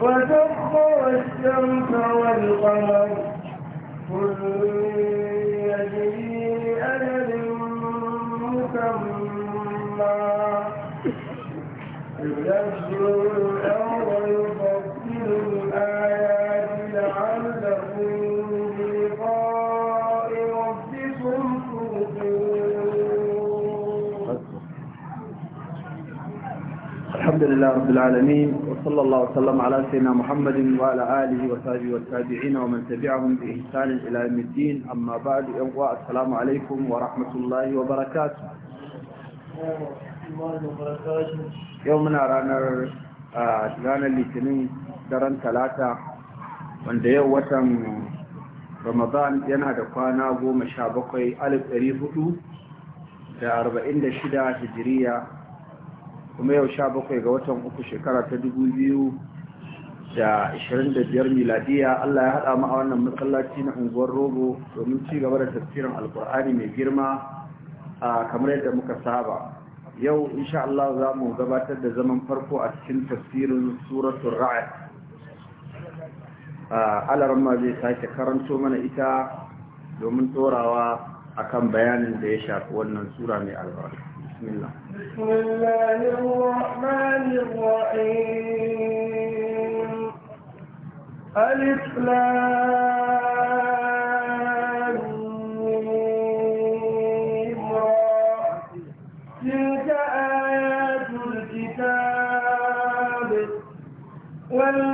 وسخر الشمس والقمر كل يجري لأجل مسمى يدبر الأمر الحمد لله رب العالمين وصلى الله وسلم على سيدنا محمد وعلى آله وصحبه والتابعين ومن تبعهم بإحسان إلى يوم الدين أما بعد السلام عليكم ورحمة الله وبركاته يومنا رانا رانا الاثنين daren talata wanda yau watan ramadan yana da kwana goma sha bakwai alif ɗari hudu da arba'in da shida hijiriya kuma yau sha bakwai ga watan uku shekara ta dubu biyu da ashirin da biyar miladiya Allah ya haɗa mu a wannan masallaci na unguwar rogo domin ci gaba da tafsirin alkur'ani mai girma a kamar yadda muka saba yau insha Allah za mu gabatar da zaman farko a cikin tafsirin suratul ra'd ma zai sake karanto mana ita domin torawa akan bayanin da ya shafi wannan sura mai albarka بسم الله بسم الله الرحمن الرحيم ألف تلك آيات الكتاب وال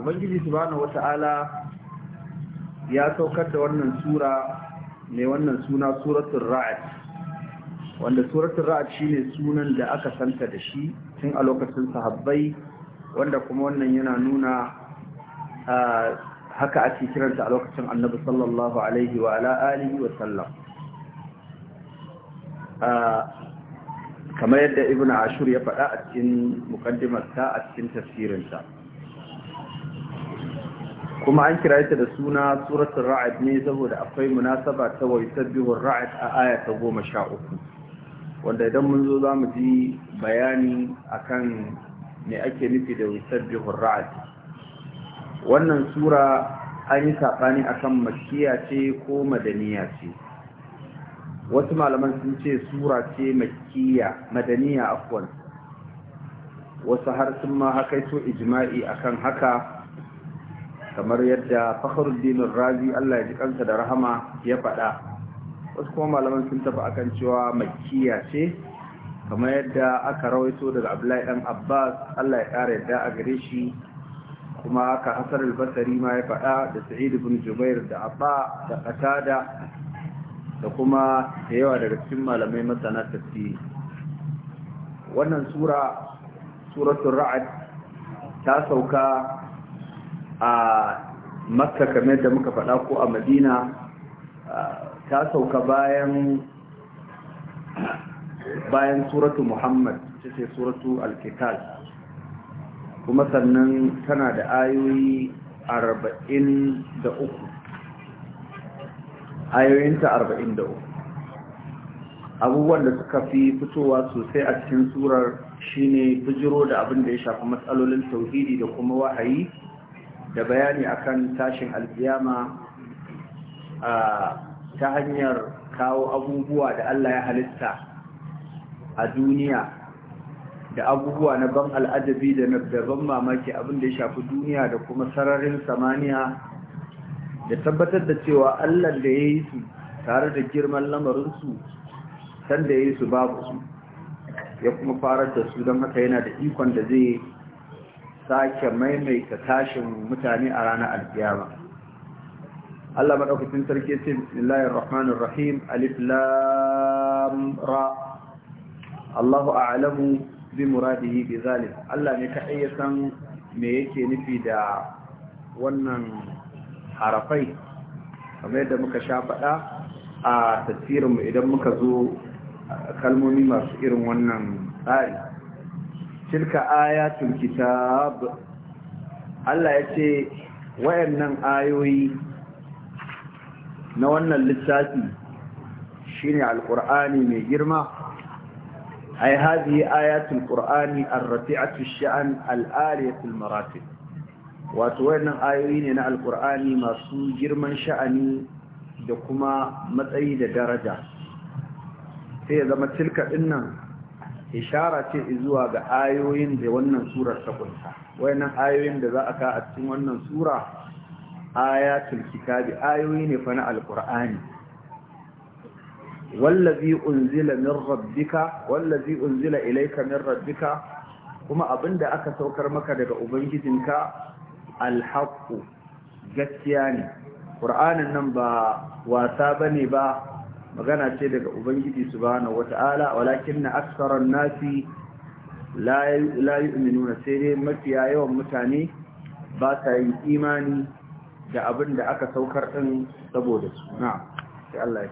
ubangiji subhanahu wata'ala ya saukar da wannan sura mai wannan suna suratul ra'd wanda suratul ra'd shine sunan da aka santa da shi tun a lokacin sahabbai wanda kuma wannan yana nuna haka ake kiranta a lokacin annabi sallallahu alaihi wa ala alihi wa sallam kamar yadda ibnu ashur ya faɗa a cikin mukaddimarsa a cikin tafsirinsa kuma an kira ta da suna suratul ra'ad ne saboda akwai munasaba ta wa yusabbihu ra'ad a aya ta 13 wanda idan mun zo zamu ji bayani akan me ake nufi da yusabbihu ra'ad wannan sura an yi sabani akan makkiya ce ko madaniya ce wasu malaman sun ce sura ce makkiya madaniya afwan wasu har sun ma hakaito ijma'i akan haka kamar yadda fakhruddin razi Allah ya ji kansa da rahama ya faɗa wasu kuma malaman sun tafi akan cewa makkiya ce kamar yadda aka rawaito daga Abdullahi dan Abbas Allah ya ƙara yadda a gare shi kuma aka hasar albasari ma ya faɗa da sa'id ibn jubair da abba da qatada da kuma da yawa daga cikin malamai masana tafsiri wannan sura suratul ra'd ta sauka a makka kamar da muka faɗa ko a madina ta sauka bayan bayan suratu muhammad ta ce suratu alkital kuma sannan tana da ayoyi arba'in da uku ayoyinta arba'in abubuwan da suka fi fitowa sosai a cikin surar shine bijiro da abin da ya shafi matsalolin tauhidi da kuma wahayi da bayani akan tashin alkiyama ta hanyar kawo abubuwa da Allah ya halitta a duniya da abubuwa na ban al'adabi da na daban mamaki abin da ya shafi duniya da kuma sararin samaniya da tabbatar da cewa Allah da ya yi su tare da girman lamarinsu sanda ya yi su babu su ya kuma farar da su don haka yana da ikon da zai sake maimaita tashin mutane a ranar alkiyama Allah madaukakin sarki ce bismillahir rahmanir rahim alif lamra. Allahu a'lamu bi muradihi bi zalik Allah ne ka san me yake nufi da wannan harafai kamar yadda muka sha faɗa a tasirinmu idan muka zo kalmomi masu irin wannan tsari tilka ayatul kitab Allah ya ce wayannan ayoyi na wannan littafi shine alqur'ani mai girma ai hadhihi ayatul qur'ani ar-rafi'atu sha'an al-aliyatul maratib wato wayannan ayoyi ne na alqur'ani masu girman sha'ani da kuma matsayi da daraja sai ya zama tilka dinnan ishara ce zuwa ga ayoyin da wannan surar ta kunsa wayannan ayoyin da za a ka a cikin wannan sura ayatul kitabi ayoyi ne fa na alqur'ani wallazi unzila min rabbika wallazi unzila ilayka min rabbika kuma abinda aka saukar maka daga ubangijinka alhaqu gaskiya ne qur'anin nan ba wasa bane ba magana ce daga ubangiji subhanahu wata'ala walakin na aksarar nasi la yu'minuna sai dai mafiya yawan mutane ba sa yin imani da abin da aka saukar din saboda su na sai Allah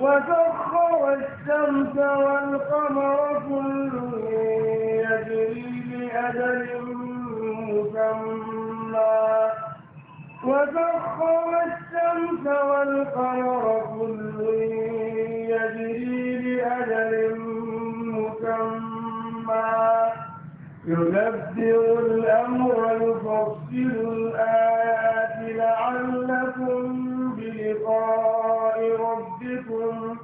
ya ce الشمس والقمر كل يجري بأجل مسمى وسخر الشمس والقمر كل يجري بأجل مسمى يدبر الأمر يفصل الآيات لعلكم بلقاء ربكم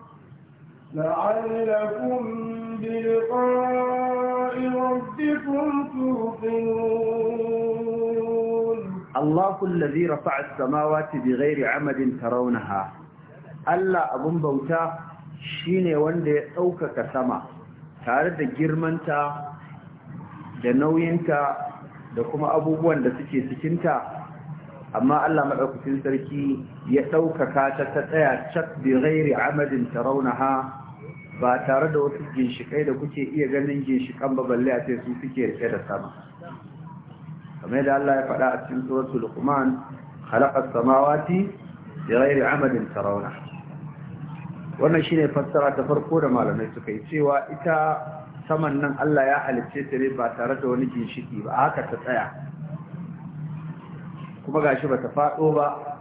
لعلكم بلقاء ربكم توقنون الله الذي رفع السماوات بغير عمد ترونها ألا أبن بوتا شيني وندي أوكك سما تارد جرمنتا da nauyinta da kuma abubuwan da suke cikinta amma Allah madaukakin sarki ya ɗaukaka ta ta tsaya cak bi ghairi amadin tarawnaha ba tare da wasu ginshikai da kuke iya ganin ginshikan ba balle a ce su suke rike da sama kamar da Allah ya faɗa a cikin suratul luqman khalaqa samawati bi ghairi amadin tarawna wannan shine fassara ta farko da malamai suka yi cewa ita saman nan Allah ya halicce ta ne ba tare da wani ginshiki ba haka ta tsaya kuma gashi bata faɗo ba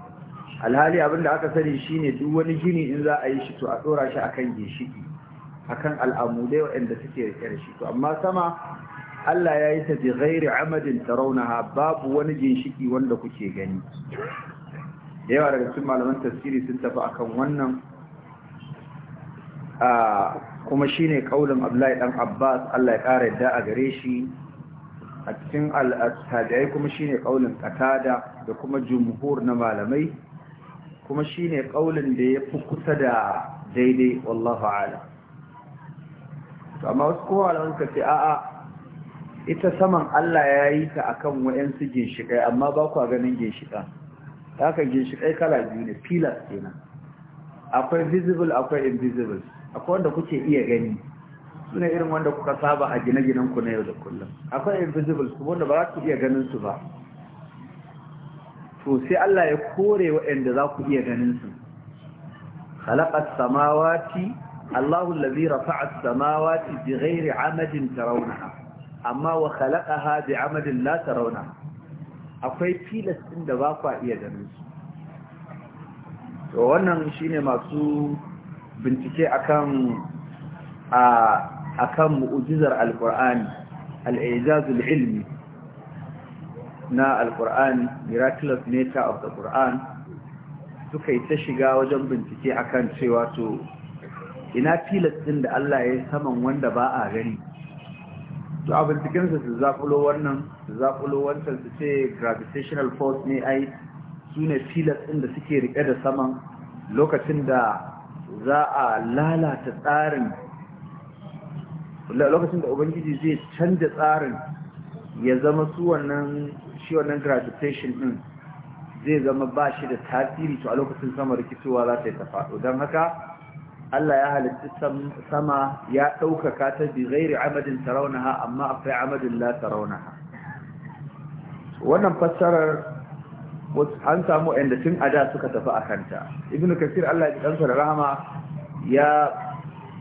alhali abinda aka sani shine duk wani gini in za a yi shi to a dora shi akan ginshiki akan al'amudai waɗanda suke rike da shi to amma sama Allah ya yi ta bi ghairi amadin tarawnaha babu wani ginshiki wanda kuke gani da yawa daga cikin malaman tafsiri sun tafi akan wannan kuma shine kaulin Abdullahi dan Abbas Allah ya kara yadda a gare shi a cikin al-tabi'ai kuma shine kaulin Qatada da kuma jumhur na malamai kuma shine kaulin da ya fi kusa da daidai wallahu a'lam amma wasu kowa da wanka ce a'a ita saman Allah ya yi ta akan waɗansu ginshikai amma ba kwa ganin ginshika haka ginshikai kala biyu ne pillars kenan akwai visible akwai invisible akwai wanda kuke iya gani suna irin wanda kuka saba a gine-ginen ku na yau da kullum akwai invisible su wanda ba za ku iya ganin su ba to sai Allah ya kore waɗanda za ku iya ganin su khalaqas samawati Allahu allazi rafa'a as-samawati bighairi 'amadin tarawnaha amma wa khalaqaha bi'amadin la tarawnaha akwai filas ɗin da bakwa kwa iya ganin su to wannan shine masu bincike akan a akan mu'jizar alqur'ani al-ijazul ilmi na alqur'ani miraculous nature of the qur'an suka yi ta shiga wajen bincike akan cewa to ina filas ɗin da Allah ya yi saman wanda ba a gani to a bincikinsa su zaƙulo wannan su zaƙulo wancan su ce gravitational force ne ai su ne filas ɗin da suke riƙe da saman lokacin da za a lalata tsarin lokacin da ubangiji zai canza tsarin ya zama su wannan shi wannan gravitation ɗin zai zama ba shi da tasiri to a lokacin sama rikitowa za ta yi ta don haka Allah ya halitta sama ya ɗaukaka ta bi gairi amadin taraunaha amma akwai amadin la taraunaha wannan fassarar an samu yadda tun a da suka tafi a kanta ibn kasir Allah ya ɗansa da rahama ya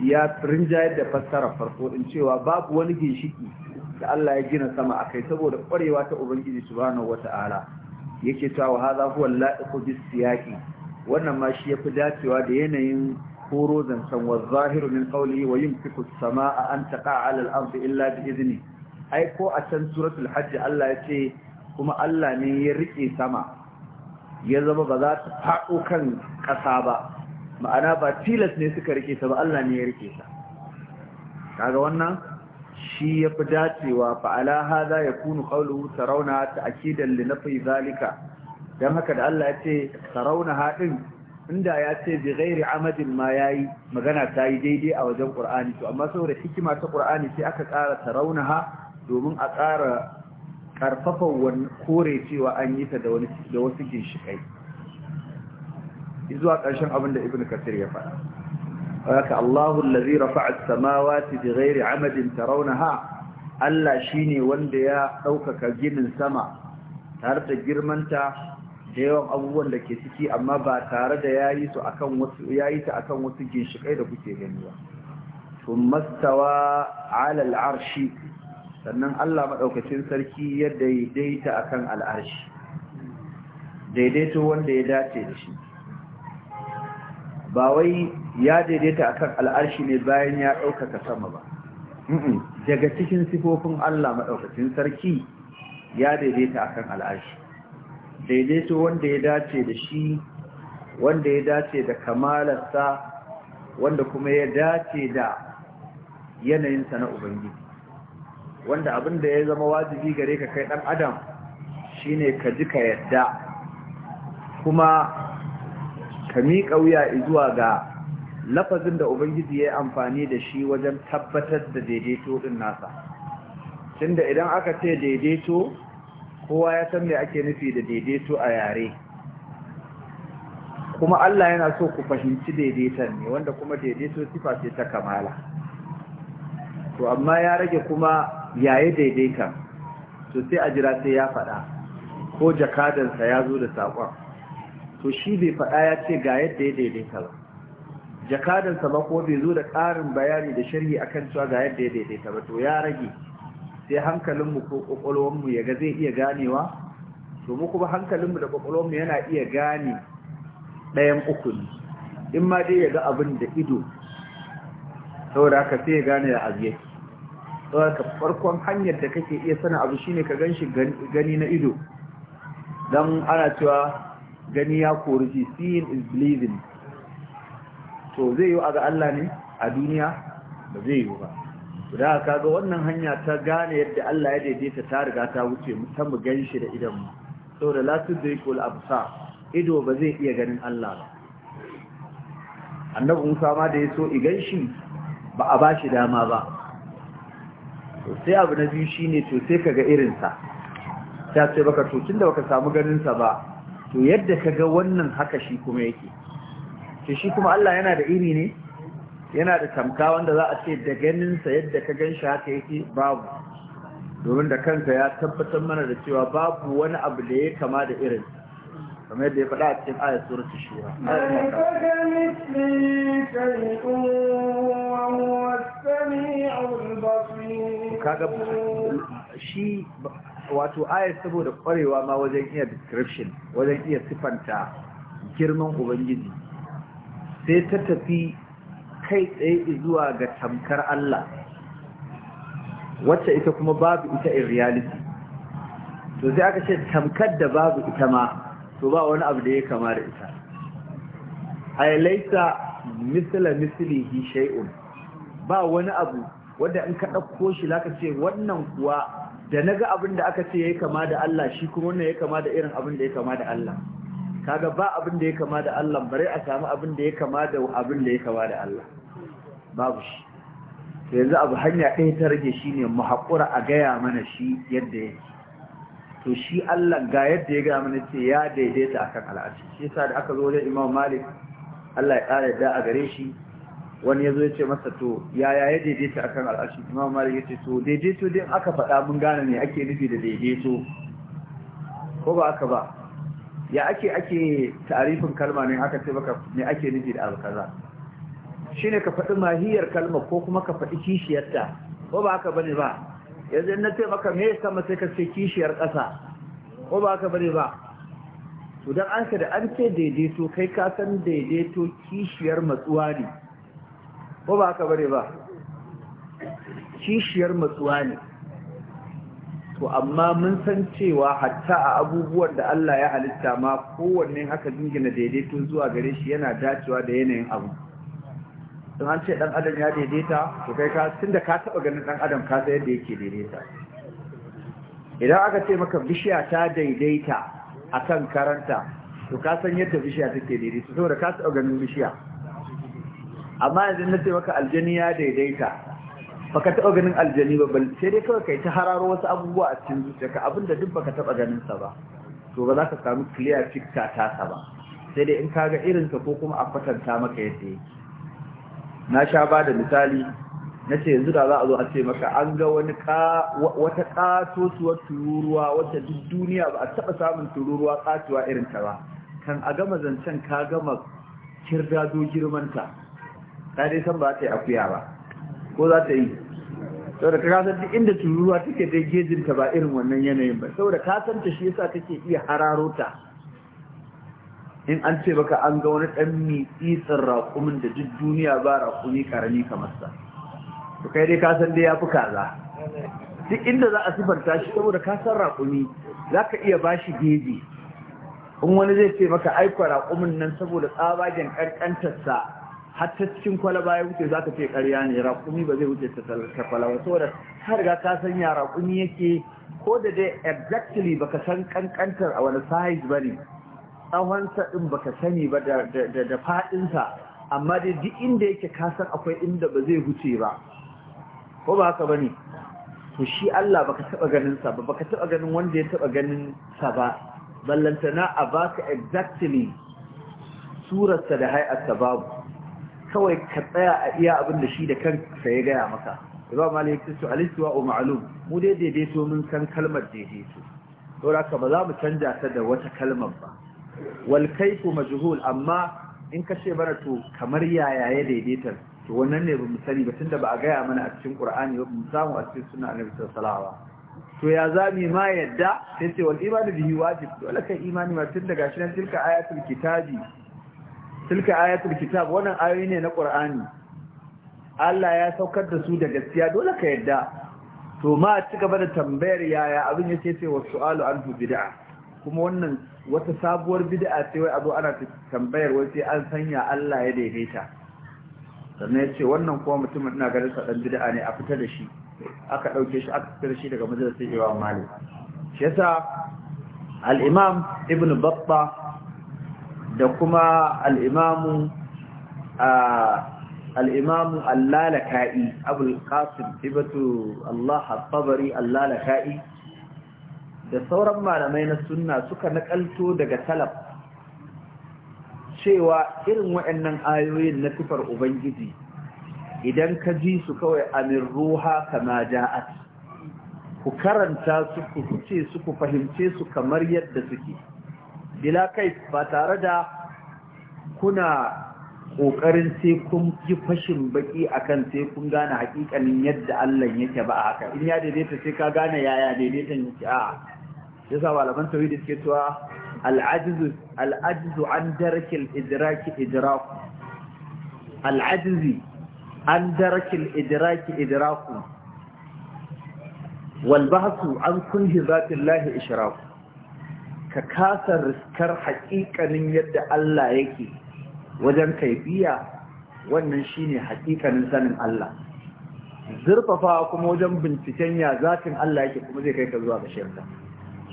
ya rinjayar da fassarar farko in cewa babu wani ginshiki da Allah ya gina sama a kai saboda ƙwarewa ta Ubangiji subhanahu wata'ala yake cewa hadha huwa al-la'iqu bis-siyaqi wannan ma shi yafi dacewa da yanayin koro zancen wa zahiru min qawlihi wa yumsiku sama a an taƙa 'ala al illa bi idni ai ko a can suratul hajj Allah ya ce kuma Allah ne ya rike sama ya zama ba za ta faɗo kan ƙasa ba ma'ana ba tilas ne suka rike ta ba Allah ne ya rike ta kaga wannan shi ya fi dacewa fa'ala haza ya kunu ƙaunuhu sarauna ta akidan linafi zalika don haka da Allah ya ce sarauna haɗin inda ya ce bi ghairi amadin ma yayi magana ta yi daidai a wajen qur'ani to amma saboda hikima ta qur'ani sai aka ƙara taraunaha domin a ƙara karfafa wani kore cewa an yi ta da wani da wasu ginshikai zuwa ƙarshen abin da ibnu kasir ya faɗa haka Allahu allazi rafa'a as-samawati bighairi 'amadin tarawnaha Allah shine wanda ya ɗaukaka ginin sama tare da girmanta da yawan abubuwan da ke ciki amma ba tare da ya yi ta akan wasu ginshikai da kuke gani ba sun mastawa alal arshi sannan allah maɗaukacin sarki ya daidaita akan al'arshi daidaito wanda ya dace da shi ba wai ya daidaita akan al'arshi ne bayan ya ɗaukaka sama ba daga cikin sifofin allah maɗaukacin sarki ya daidaita akan al'arshi daidaito wanda ya dace da shi wanda ya dace da kamalarsa wanda kuma ya dace da yanayinsa na ubangiji wanda abin da ya zama wajibi gare ka kai dan adam shine ka ji ka yadda kuma ka miƙa wuya zuwa ga lafazin da ubangiji ya yi amfani da shi wajen tabbatar da daidaito din nasa tunda idan aka ce daidaito kowa ya san me ake nufi da daidaito a yare kuma Allah yana so ku fahimci daidaiton ne wanda kuma daidaito sifa ce ta kamala to amma ya rage kuma yayi daidaita to sai a jira sai ya faɗa ko jakadansa ya zo da saƙon to shi bai faɗa ya ce ga yadda ya daidaita ba jakadansa ba ko bai zo da ƙarin bayani da sharhi akan cewa ga yadda ya daidaita ba to ya rage sai hankalinmu ko ƙwaƙwalwarmu ya ga zai iya ganewa to mu kuma hankalinmu da ƙwaƙwalwarmu yana iya gane ɗayan uku ne in ma dai ya ga abin da ido saboda haka sai ya gane da abu yake saboda farkon hanyar da kake iya sana abu shine ka gan shi gani na ido don ana cewa gani ya kori ji seeing is believing to zai yi a ga Allah ne a duniya ba zai yi ba da kaga wannan hanya ta gane yadda Allah ya daidaita ta riga ta wuce mu ta mu ganshi da idan mu saboda la tudrikul absa ido ba zai iya ganin Allah ba annabi Musa ma da ya so i ganshi ba a bashi dama ba to sai abu na biyu shine to sai kaga irin sa ta ce baka to tunda baka samu ganin sa ba to yadda kaga wannan haka shi kuma yake shi kuma Allah yana da iri ne yana da tamka wanda za a ce da ganinsa yadda ka ganshi haka yake babu domin da kansa ya tabbatar mana da cewa babu wani abu da ya kama da irin kamar yadda ya faɗa a cikin ayat ta shura shi wato ayat saboda kwarewa ma wajen iya description wajen iya sifanta girman ubangiji sai ta tafi kai tsaye zuwa ga tamkar Allah wacce ita kuma babu ita in reality to sai aka ce tamkar da babu ita ma to ba wani abu da ya kama da ita ai laisa misla mislihi shay'un ba wani abu wanda in ka dauko shi laka ce wannan kuwa da naga abin da aka ce yayi kama da Allah shi kuma wannan yayi kama da irin abin da yayi kama da Allah kaga ba abin da ya kama da Allah bare a samu abin da ya kama da abin da ya kama da Allah babu shi yanzu abu hanya ɗaya ta rage shi ne mu haƙura a gaya mana shi yadda yake to shi Allah ga yadda ya gaya mana ce ya daidaita akan al'adu shi yasa da aka zo wajen Imam Malik Allah ya ƙara yadda a gare shi wani ya zo ya ce masa to yaya ya daidaita akan al'adu Imam Malik ya ce to daidaito din aka faɗa mun gane ne ake nufi da daidaito ko ba aka ba ya ake ake tarifin kalma ne aka ce baka ne ake nufi da alkaza ne ka faɗi mahiyar kalmar ko kuma ka faɗi kishiyarta ko ba haka bane ba yanzu na ce maka me yasa sai ka ce kishiyar ƙasa ko ba haka bane ba to dan an da an ce daidaito kai ka san daidaito kishiyar matsuwa ne ko ba haka bane ba kishiyar matsuwa ne to amma mun san cewa hatta a abubuwan da Allah ya halitta ma kowanne haka jingina daidaito zuwa gare shi yana dacewa da yanayin abu Don an ce dan adam ya daidaita to kai ka tunda ka taba ganin dan adam ka san yadda yake daidaita idan aka ce maka bishiya ta daidaita a kan karanta to ka san yadda bishiya take daidaita saboda ka taba ganin bishiya amma yanzu na ce maka aljani ya daidaita baka taba ganin aljani ba bal sai dai kawai kai ta hararo wasu abubuwa a cikin zuciyarka abinda duk baka taba ganin sa ba to ba za ka samu clear picture ta sa ba sai dai in ka irin ta ko kuma a kwatanta maka yadda yake na sha ba da misali na ce yanzu da za a zo a ce maka an ga wani wata ƙatosuwar tururuwa wata duk duniya ba a taɓa samun tururuwa katuwa irin ta ba kan a gama zancen ka gama kirga do girmanta ta dai san ba ta yi akuya ba ko za ta yi saboda ka san duk inda tururuwa take dai gejinta ba irin wannan yanayin ba saboda ka san ta shi yasa take iya hararo ta in an ce baka an ga wani ɗan mitsitsin raƙumin da duk duniya ba raƙumi ƙarami kamar sa to kai dai ka san dai ya fi kaza duk inda za a sifanta shi saboda kasan san raƙumi za ka iya ba shi in wani zai ce maka aiko raƙumin nan saboda tsabagen ƙanƙantarsa, har ta cikin kwalaba ya wuce za ka ce ƙarya ne raƙumi ba zai wuce ta kwalaba saboda ka riga ka san ya raƙumi yake ko da dai exactly baka san ƙanƙantar a wani size ba ne tsawonsa ɗin ka sani ba da faɗinsa amma dai duk inda yake kasan akwai inda ba zai huce ba ko ba haka ba ne to shi Allah baka taɓa ganinsa ba baka taɓa ganin wanda ya taɓa ganinsa ba ballantana a baka exactly surarsa da hai'arsa babu kawai ka tsaya a iya abin da shi da kansa ya gaya maka ba ma laifin su alistuwa o ma'alum mu dai daidaito mun san kalmar daidaito saboda ka ba za mu canja ta da wata kalmar ba wal kaifu majhul amma in ka ce mana to kamar yaya ya daidaita to wannan ne bamu sani ba tunda ba a gaya mana a cikin Qur'ani ba mu samu a cikin sunna Annabi sallallahu alaihi to ya zami ma yadda sai ce wal imani bihi wajib dole kai imani ma tunda gashi nan tilka ayatul kitabi tilka ayatul kitab wannan ayoyi ne na Qur'ani Allah ya saukar da su da gaskiya dole ka yadda to ma ci gaba da tambayar yaya abin yake ce wasu su'alu an bid'a kuma wannan wata sabuwar bid'a ce wai abu ana tambayar wai sai an sanya Allah ya daidaita sannan ya ce wannan kuma mutumin ina ganin sa dan bid'a ne a fita da shi aka dauke shi aka fitar shi daga majalisar Imam Malik shi yasa al-Imam Ibn Battah da kuma al-Imam al-Imam Al-Lalaka'i Abul Qasim Ibatu Allah al tabari Al-Lalaka'i da sauran malamai na sunna suka nakalto daga talab cewa irin waɗannan ayoyin na sifar ubangiji idan ka ji su kawai amin ruha kama ja'at ku karanta su ku ce su ku fahimce su kamar yadda suke bila kai ba tare da kuna ƙoƙarin sai kun yi fashin baki akan sai kun gane hakikanin yadda Allah yake ba haka in ya daidaita sai ka gane yaya daidaitan yake a yasa malaman tauhidi suke cewa al-ajzu an darki al-idrak idrak idrak an darki al-idrak wal bahsu an kunhi zati Allah ishraq ka kasa riskar hakikanin yadda Allah yake wajen kaifiya wannan shine hakikanin sanin Allah zurfafa kuma wajen binciken ya zatin Allah yake kuma zai kai ka zuwa ga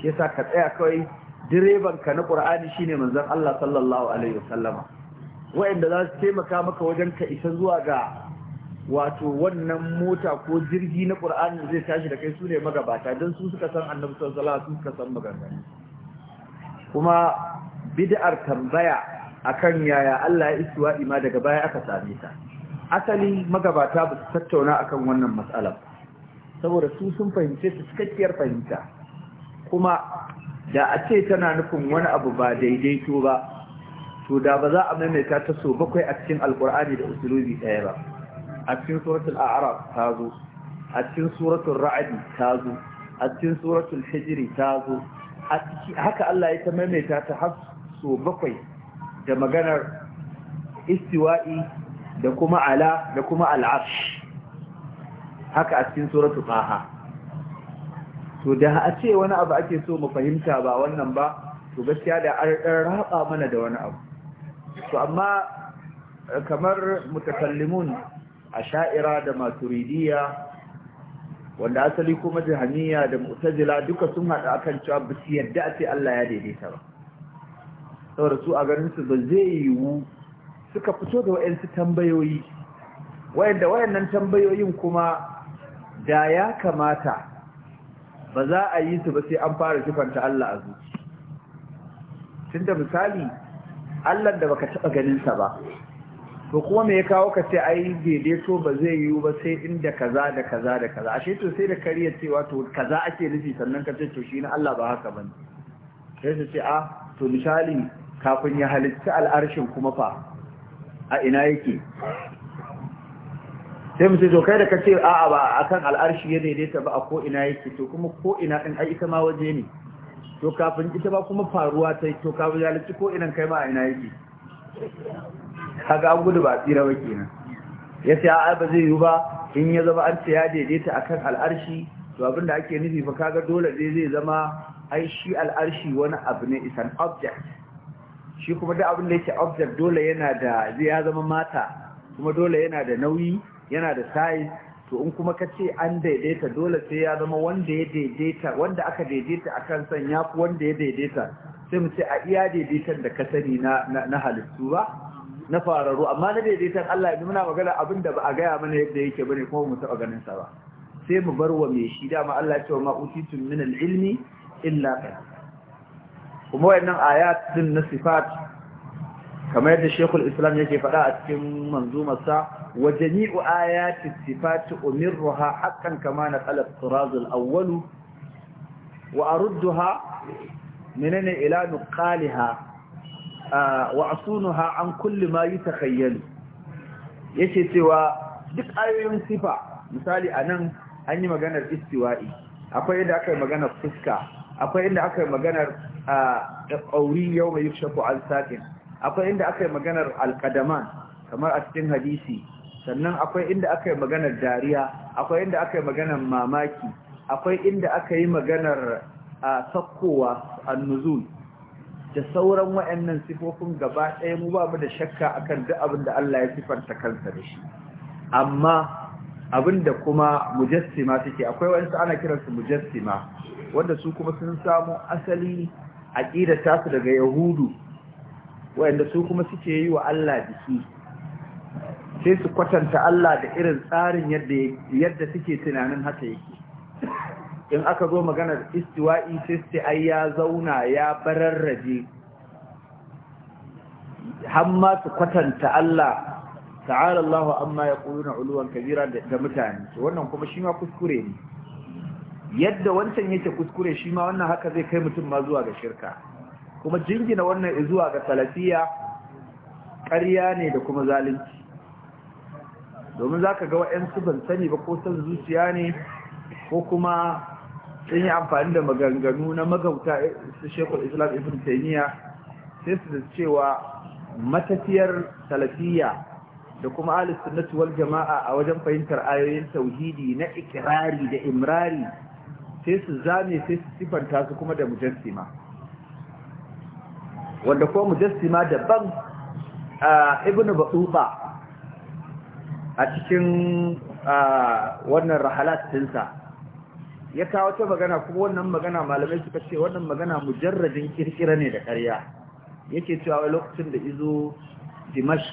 shi yasa ka tsaya kawai direban ka na qur'ani shine manzon Allah sallallahu alaihi wasallama wanda za su taimaka maka wajen ka isa zuwa ga wato wannan mota ko jirgi na qur'ani zai tashi da kai su ne magabata don su suka san annabi sallallahu alaihi wasallam suka san maganganu kuma bid'ar tambaya akan yaya Allah ya isuwa ima daga baya aka same ta asali magabata ba su tattauna akan wannan matsalar saboda su sun fahimce su cikakkiyar fahimta kuma da a ce tana nufin wani abu ba daidaito ba to da ba za a maimaita ta so bakwai a cikin alkur'ani da usulubi ɗaya ba a cikin suratul a'raf ta zo a cikin suratul ra'adi ta zo a cikin suratul hijri ta zo haka Allah ya ta maimaita ta har so bakwai da maganar istiwa'i da kuma ala da kuma al'ash haka a cikin suratul taha to da a ce wani abu ake so mu fahimta ba wannan ba to gaskiya da an raba mana da wani abu to amma eh, kamar mutakallimun a sha'ira da maturidiyya wanda asali kuma jahaniya da mu'tazila duka sun hada akan cewa ba su yadda a ce Allah ya daidaita ba saboda su a ganin su ba zai yiwu suka fito da wayansu tambayoyi wayanda wayannan tambayoyin kuma da ya kamata ba za a yi su ba sai an fara sifanta Allah a zuci tunda misali Allah da baka taba ganin sa ba to kuma me ya kawo ka sai ai daidaito ba zai yiwu ba sai inda kaza da kaza da kaza ashe to sai da kariya cewa to kaza ake nufi sannan ka to shi na Allah ba haka bane sai su ce a to misali kafin ya halitta al'arshin kuma fa a ina yake sai mutum to kai da ka a a'a ba a kan al'arshi ya daidaita ba a ko ina yake to kuma ko ina in ai ita ma waje ne to kafin ita ba kuma faruwa ta to kafin zalunci ko inan kai ma a ina yake kaga an gudu ba tsira ba kenan ce a'a ba zai yi ba in ya zama an ce ya daidaita a kan al'arshi to abin da ake nufi fa kaga dole dai zai zama ai shi al'arshi wani abu ne is an object shi kuma duk abin da yake object dole yana da zai ya zama mata kuma dole yana da nauyi yana da tayi to in kuma ka ce an daidaita dole sai ya zama wanda ya daidaita wanda aka daidaita a kan san ya wanda ya daidaita sai mu ce a iya daidaitan da ka sani na halittu ba na fararu amma na daidaitan Allah yanzu muna magana abin da ba a gaya mana yadda yake bane kuma mu taba ganin sa ba sai mu bar wa mai shi dama Allah ya ce ma utitun min al-ilmi illa qalil kuma wannan ayat din na sifat kamar yadda shekul islam yake faɗa a cikin manzumarsa wa jami'u ayati sifati umirruha haqqan kama na qala siraz al-awwal wa arudduha minana ila nuqaliha wa asunuha an kulli ma yatakhayyalu yake cewa duk ayoyin sifa misali anan an yi maganar istiwa'i akwai yadda aka yi maganar fuska akwai inda aka yi maganar auri yau mai al-sakin akwai inda aka yi maganar alkadaman kamar a cikin hadisi sannan akwai inda aka yi maganar dariya akwai inda aka yi maganar mamaki akwai inda aka yi maganar a sakkowa annuzul da sauran wa'annan sifofin gaba ɗaya mu ba mu da shakka akan duk abin da Allah ya sifanta kansa da shi amma abin kuma mujassima suke akwai wani ana kiransu mujassima wanda su kuma sun samu asali aqida tasu daga yahudu wayanda su kuma suke yi wa Allah biki sai su kwatanta Allah da irin tsarin yadda suke tunanin haka yake in aka zo magana maganar istiwa'i sai su ai ya zauna ya bararraje hamma su kwatanta Allah ta'ala Allahu amma yaquluna uluwan kabira da mutane wannan kuma shi ma kuskure ne yadda wancan yake kuskure shi ma wannan haka zai kai mutum ma zuwa ga shirka kuma jingina wannan zuwa ga salafiya ƙarya ne da kuma zalunci domin za ka ga wa'yansu ban sani ba ko san zuciya ne ko kuma sun yi amfani da maganganu na magauta eh, su shekul islam ibn taimiyya sai su da cewa matafiyar salafiya da kuma alisun sunnati jama'a a wajen fahimtar ayoyin tauhidi na ikirari da imrari sai su zame sai su sifanta su kuma da mujassima wanda ko mujassima daban ibnu batuta a cikin wannan rahalat dinsa ya kawo ta magana kuma wannan magana malamai suka ce wannan magana mujarradin kirkira ne da ƙarya yake cewa wai lokacin da izo dimashq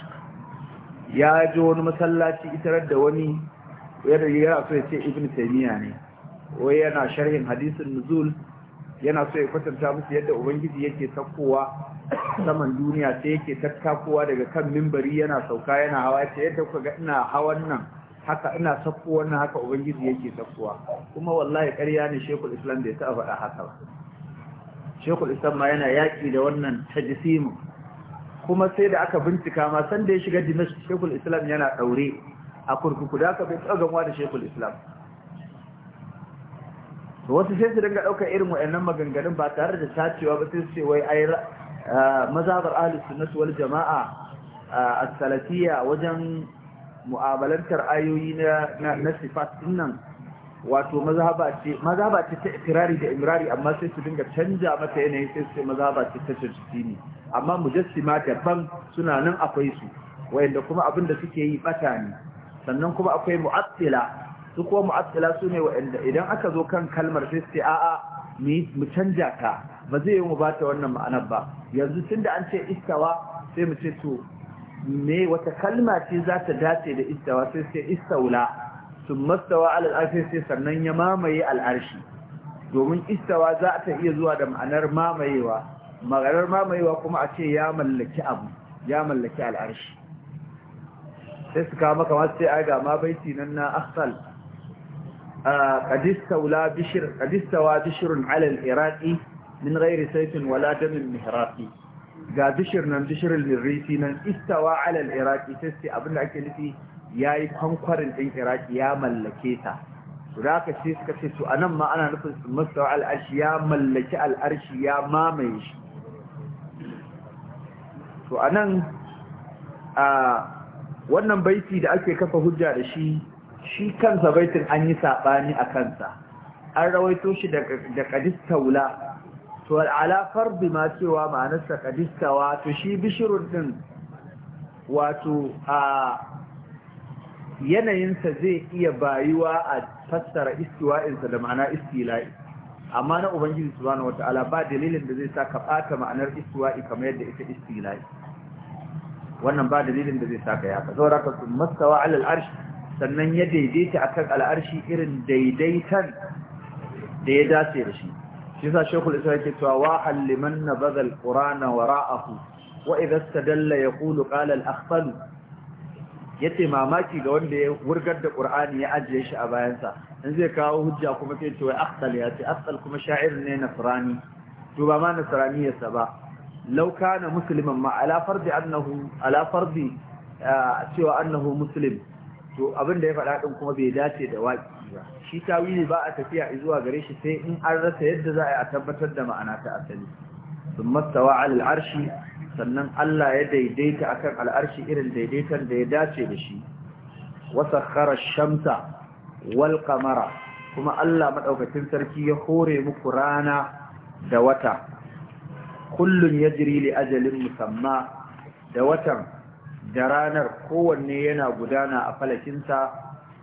ya ji wani masallaci itarar da wani yana so ya ce ibnu taymiya ne wai yana sharhin hadisin nuzul yana so ya kwatanta musu yadda ubangiji yake sakkowa saman duniya sai yake tattakowa daga kan mimbari yana sauka yana hawa ce yadda kuka ga ina hawan nan haka ina sakko wannan haka ubangiji yake sakkowa kuma wallahi ƙarya ne shekul islam bai taɓa faɗa haka ba shekul islam ma yana yaƙi da wannan tajisimu kuma sai da aka bincika ma san da ya shiga dimash shekul islam yana ɗaure a kurkuku da aka bai tsaganwa da shekul islam wasu sai su dinga ɗaukar irin waɗannan maganganun ba tare da tacewa ba sai su ce wai ai mazhabar ahlus sunnah wal jama'a as-salafiyya wajen mu'amalantar ayoyi na na sifat dinnan wato mazhaba ce mazhaba ce ta ikrari da imrari amma sai su dinga canja mata yanayin sai su ce mazhaba ce ta tajsimi amma mujassima daban suna nan akwai su wayanda kuma abin da suke yi bata sannan kuma akwai mu'attila su kuwa mu'attila su ne wa'anda idan aka zo kan kalmar sai sai a'a mu canja ta ba zai yi mu ba ta wannan ma'anar ba yanzu tun da an ce istawa sai mu ce to me wata kalma ce za ta dace da istawa sai sai istaula sun mastawa al'arshi sai sannan ya mamaye al'arshi domin istawa za ta iya zuwa da ma'anar mamayewa maganar mamayewa kuma a ce ya mallaki abu ya mallaki al'arshi sai su kama kamar sai a ga ma baiti nan na asal qadistawa bishir qadistawa bishirun ala al-iraqi min ghairi sayfin wala damin mihraqi ga bishir nan bishirul mirisi nan istawa ala al-iraqi sai da ake nufi yayi kwankwarin din iraqi ya mallake ta da ka ce suka ce to anan ma ana nufin mustawa al-arshi ya mallaki al-arshi ya mamaye shi to anan a wannan baiti da ake kafa hujja da shi shi kansa baitin an yi saɓani a kansa an rawaito shi da wula. to ala farbi ma cewa ma'anarsa ƙadista wato shi bishirun ɗin wato a yanayinsa zai iya bayuwa a fassara istiwa'insa da ma'ana istila'i amma na ubangiji subhanahu wata'ala ba dalilin da zai sa ka ɓata ma'anar istiwa'i kamar yadda ita istila'i wannan ba dalilin da zai sa ka yaka saboda ka masawa alal arshi sannan ya daidaita akan al'arshi irin daidaitan da ya dace da shi shi sa shekul isra yake cewa wa halliman na bazal qur'ana wa idza istadalla yaqulu qala al-akhfal yace mamaki ga wanda ya wurgar da ƙur'ani ya ajiye shi a bayansa in zai kawo hujja kuma ke ce wai ya ce akhfal kuma sha'ir ne na to ba ma nasrani ya saba law kana ma ala fardi annahu ala fardi eh, cewa annahu muslim to abin da ya faɗa ɗin kuma bai dace da waƙi ba shi tawili ba a tafiya zuwa gare shi sai in an rasa yadda za a yi a tabbatar da ma'ana ta asali sun mastawa sannan Allah ya daidaita akan al'arshi irin daidaitar da ya dace da shi wasa kharar shamsa wal kamara kuma Allah maɗaukacin sarki ya hore muku rana da wata kullum ya jiri li ajalin musamma da watan da ranar kowanne yana gudana a falakinsa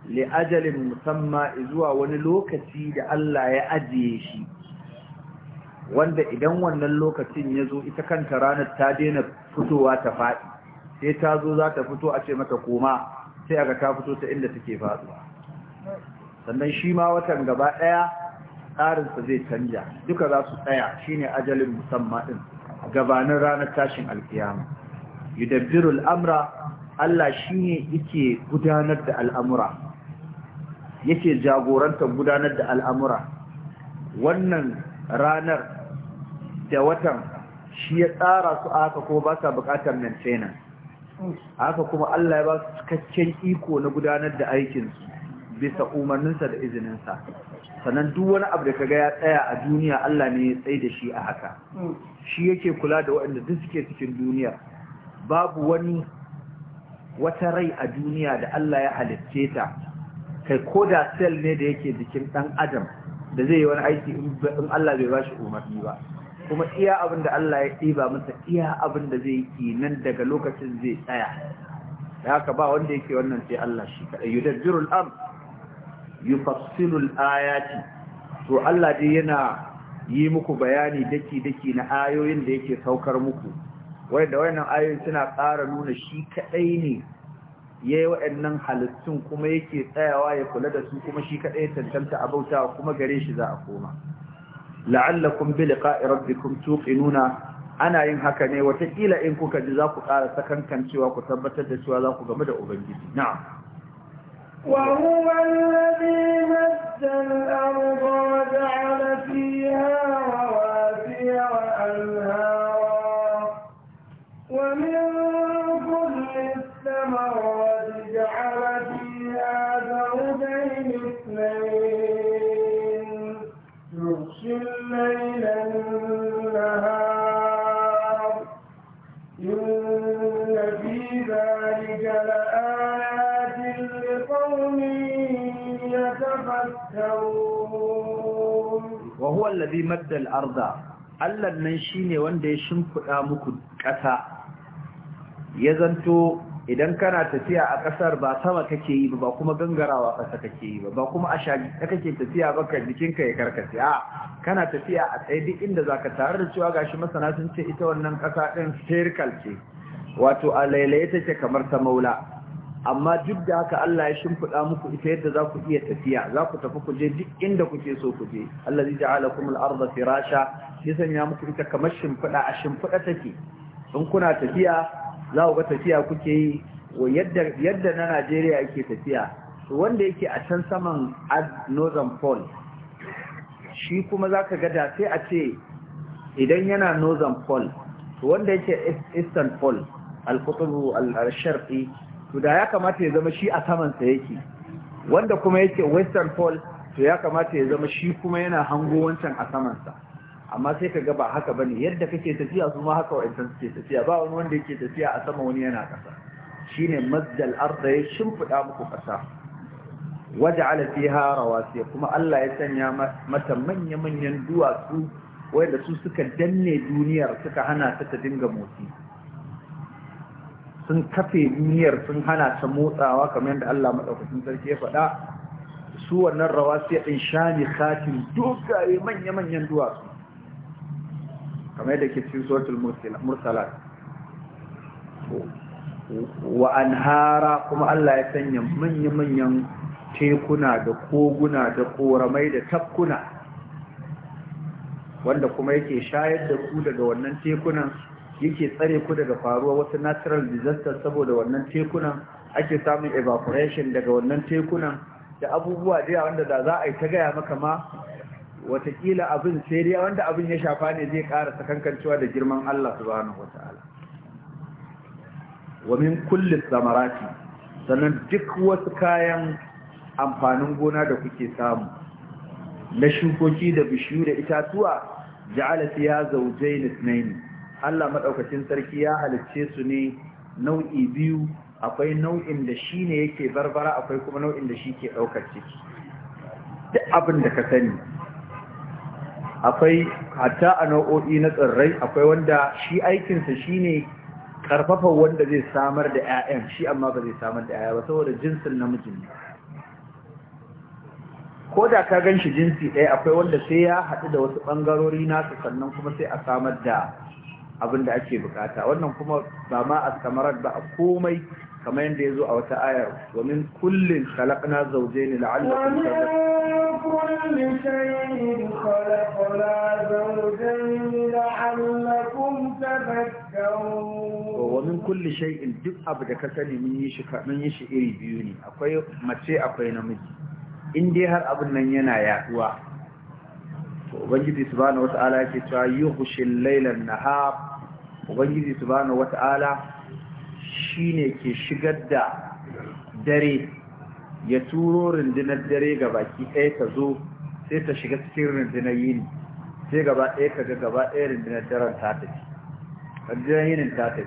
li'ajalin musamma zuwa wani lokaci da Allah ya ajiye shi wanda idan wannan lokacin ya zo ita kanta ranar ta daina fitowa ta faɗi sai ta zo za ta fito a ce mata koma sai aka ta fito ta inda take faɗuwa sannan shi ma watan gaba ɗaya tsarinsa zai canja duka za su tsaya shine ajalin musamma ɗin gabanin ranar tashin alkiyama yudabbiru amra Allah shine yake gudanar da al'amura yake jagorantar gudanar da al'amura wannan ranar da watan shi ya tsara su aka ko ba sa bukatar tsena. haka kuma Allah ya ba su cikakken iko na gudanar da aikinsu bisa umarninsa da izininsa sannan duk wani abu da kaga ya tsaya a duniya Allah ne ya tsaye da shi a haka shi yake kula da waɗanda duk suke cikin duniya babu wani wata rai a duniya da Allah ya halicce ta kai ko da sel ne da yake jikin ɗan adam da zai yi wani aiki in Allah bai ba shi umarni ba kuma iya abin da Allah ya ɗiba masa iya abin da zai yi nan daga lokacin zai tsaya da haka ba wanda yake wannan sai Allah shi kaɗai yudabbiru al'am yufassilu al'ayati to Allah dai yana yi muku bayani daki daki na ayoyin da yake saukar muku da wannan ayoyi suna ƙara nuna shi kadai ne yi wayannan halittun kuma yake tsayawa ya kula da su kuma shi kadai tantanta abauta kuma gare shi za a koma la'allakum bi liqa'i rabbikum tuqinuna ana yin haka ne watakila in kuka ji za ku ƙara sakankancewa ku tabbatar da cewa za ku game da ubangiji na'am وهو الذي مد الأرض وجعل فيها رواسي وأنهار تمتعون وهو الذي مد الأرض Allah nan shine wanda ya shimfiɗa muku ƙasa ya zanto idan kana tafiya a ƙasar ba sama kake yi ba kuma gangarawa ƙasa kake yi ba kuma a shagi ta kake tafiya ba ka jikinka ya karkace a kana tafiya a tsaye duk inda zaka tare da cewa gashi masana sun ce ita wannan kasa ɗin sirkal ce wato a lailaye take kamar ta maula amma duk da haka Allah ya shimfiɗa muku ita yadda za ku iya tafiya za ku tafi ku je duk inda kuke so ku je Allah zai ja'ala kuma al'arda firasha ya muku ita kamar shimfiɗa a shimfiɗa take in kuna tafiya za ku ga tafiya kuke yi wa yadda yadda na Najeriya yake tafiya to wanda yake a can saman northern pole shi kuma za ka ga da sai a ce idan yana northern pole to wanda yake eastern pole al-qutb al-sharqi to da ya kamata ya zama shi a samansa yake wanda kuma yake western pole to ya kamata ya zama shi kuma yana hango wancan a samansa amma sai ka ga ba haka bane yadda kake tafiya su ma haka wa'ancan suke tafiya ba wani wanda yake tafiya a sama wani yana ƙasa shine mazdal arda ya shimfiɗa muku ƙasa waja'ala fiha rawasi kuma Allah ya sanya mata manya-manyan duwatsu wanda su suka danne duniyar suka hana ta ta dinga motsi sun kafe niyyar sun hana ta motsawa kamar yadda Allah madaukakin sarki ya faɗa su wannan rawasiya din shani khatim dogaye manya-manyan duwatsu kamar yadda ke cikin suratul mursalat wa anhara kuma Allah ya sanya manya-manyan tekuna da koguna da koramai da tafkuna wanda kuma yake shayar da ku daga wannan tekunan yake tsare ku daga faruwa wasu natural disaster saboda wannan tekunan ake samun evaporation daga wannan tekunan da abubuwa da wanda da za a yi ta gaya maka ma watakila abin sai dai wanda abin ya shafa ne zai ƙara sakankancewa da girman Allah subhanahu ta'ala wa min kulli samarati sannan duk wasu kayan amfanin gona da kuke samu na shukoki da bishiyu da itatuwa ja'ala fiya zawjayn ithnayn Allah maɗaukacin sarki ya halicce su ne nau'i biyu akwai nau'in da shi ne yake barbara akwai kuma nau'in da shi ke ɗaukar ciki duk abin da ka sani akwai hatta a nau'o'i na tsirrai akwai wanda shi aikinsa shi ne karfafa wanda zai samar da 'ya'yan shi amma ba zai samar da 'ya'ya ba saboda jinsin namijin ne ko da ka gan shi jinsi ɗaya akwai wanda sai ya haɗu da wasu ɓangarori nasu sannan kuma sai a samar da abin da ake bukata wannan kuma ba ma a samarar ba a komai kamar yadda ya zo a wata ayar wa min kullin khalaqna zawjayn la'allakum tadhakkarun wa min kulli shay'in duk abu da ka sani mun yi shi mun yi shi iri biyu ne akwai mace akwai namiji in dai har abin nan yana yaduwa to ubangiji subhanahu wata'ala yake cewa yughshil laylan nahar ubangiji subhanahu wata'ala shine ke shigar da dare ya turo rundunar dare ga baki ɗaya ta zo sai ta shiga cikin rundunar yini sai gaba ɗaya ka ga gaba ɗaya rundunar daren ta tafi rundunar yinin ta tafi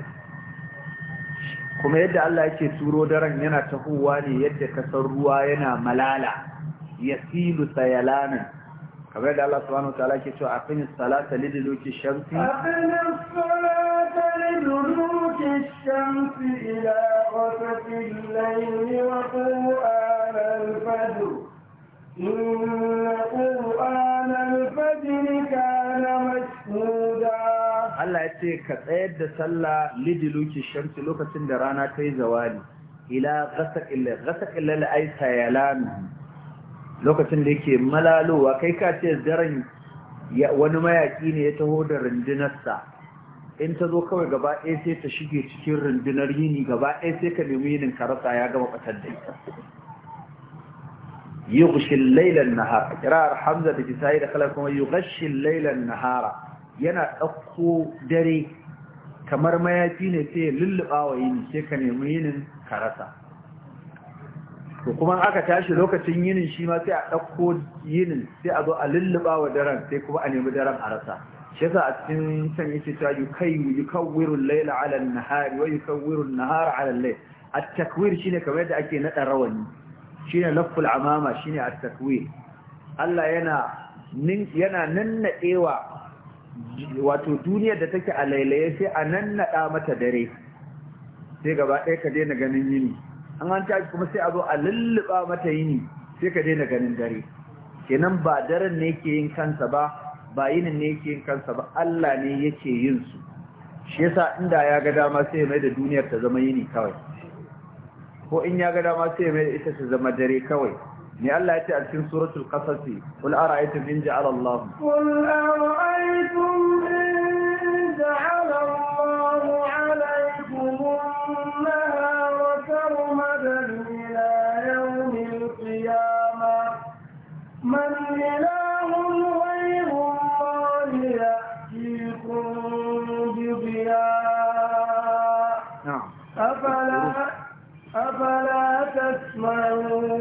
kuma yadda Allah yake turo daren yana tahowa ne yadda kasar ruwa yana malala ya silu sayalanin خبر دا الله سبحانه وتعالى کې چې اقن الصلاه لدلو کې شمس اقن الصلاه لدلو کې شمس الى غسق الليل وقران الفجر ان قران الفجر كان مشهودا الله يا شيخ كتاية دسالة لدلوك الشمس لوكا تندرانا كي زوالي إلى غسق الليل غسق الليل أي سيالان lokacin da yake malalowa kai ka ce daren wani mayaƙi ne ya taho da rundunarsa in ta zo kawai gaba ɗaya sai ta shige cikin rundunar yini gaba ɗaya sai ka nemi yinin karasa ya gama ɓatar da ita yughshil lailan nahara kirar hamza da kisai da kalar kuma yughshil laylan nahara yana ɗauko dare kamar mayaƙi ne sai ya yini sai ka nemi yinin karasa to kuma aka tashi lokacin yinin shi ma sai a ɗauko yinin sai a zo a lulluɓa wa daren sai kuma a nemi daren a rasa shi yasa a cikin san yake cewa yukayyu yukawwiru layla ala an-nahari wa yukawwiru nahar ala al-layl at-takwir shine kamar yadda ake nada rawani shine lafful amama shine at-takwir Allah yana nin yana nannadewa wato duniya da take a lailaye sai a nannada mata dare sai gaba ɗaya ka daina ganin yini an an tashi kuma sai a zo a lulluɓa mata yini sai ka daina ganin dare kenan ba daren ne yake yin kansa ba ba yinin ne yake yin kansa ba Allah ne yake yin su shi yasa inda ya ga dama sai ya mai da duniyar ta zama yini kawai ko in ya ga dama sai ya mai da ita ta zama dare kawai ne Allah ya ce a cikin suratul qasas qul ara'aytum in ja'ala Allah qul ara'aytum in ja'ala يسمعون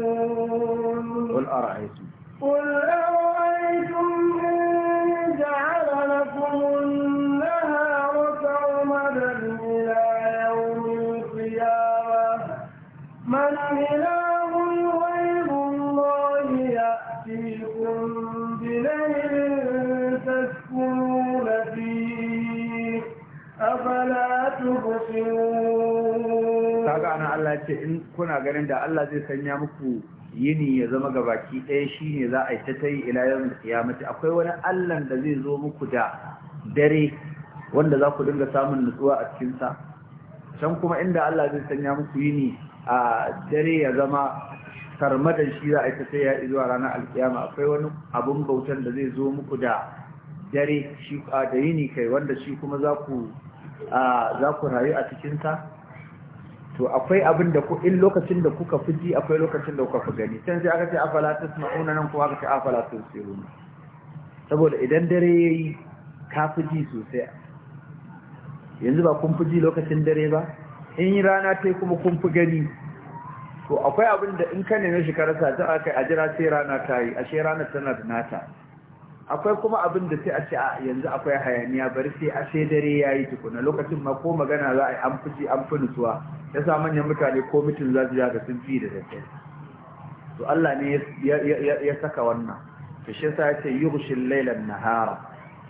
ga anan Allah ce in kuna ganin da Allah zai sanya muku yini ya zama gabaki ɗaya shine za a yi ta yi ila yawon kiyamati akwai wani Allah da zai zo muku da dare wanda za ku dinga samun nutsuwa a cikin sa can kuma inda Allah zai sanya muku yini a dare ya zama sarmadan shi za a yi ta yi zuwa ranar alkiyama akwai wani abun bautan da zai zo muku da dare shi da yini kai wanda shi kuma za ku rayu a cikin sa to akwai abin da ku in lokacin da kuka fi ji akwai lokacin da kuka fi gani can sai aka ce afala tasma'una nan ko aka ce afala tusiruna saboda idan dare yayi ka fi ji sosai yanzu ba kun fi ji lokacin dare ba in yi rana ta kuma kun fi gani to akwai abin da in ka neme shi karasa rasa ta aka a jira sai rana ta yi ashe rana tana da nata akwai kuma abin da sai a ce a yanzu akwai hayaniya bari sai a sai dare ya yi tukuna lokacin ma ko magana za a yi an fi an fi nutuwa ya sa manyan mutane ko mitin za su ga sun fi da daddare to Allah ne ya saka wannan to shi yasa yace yughshil laylan nahara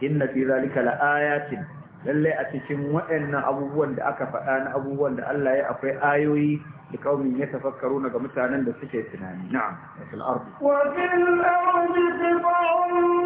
inna fi zalika ayatin lalle a cikin waɗannan abubuwan da aka faɗa na abubuwan da Allah ya akwai ayoyi da ya tafakkaru لقوم يتفكرون كمثلا عند سكة نعم fil ardi wa fil ardi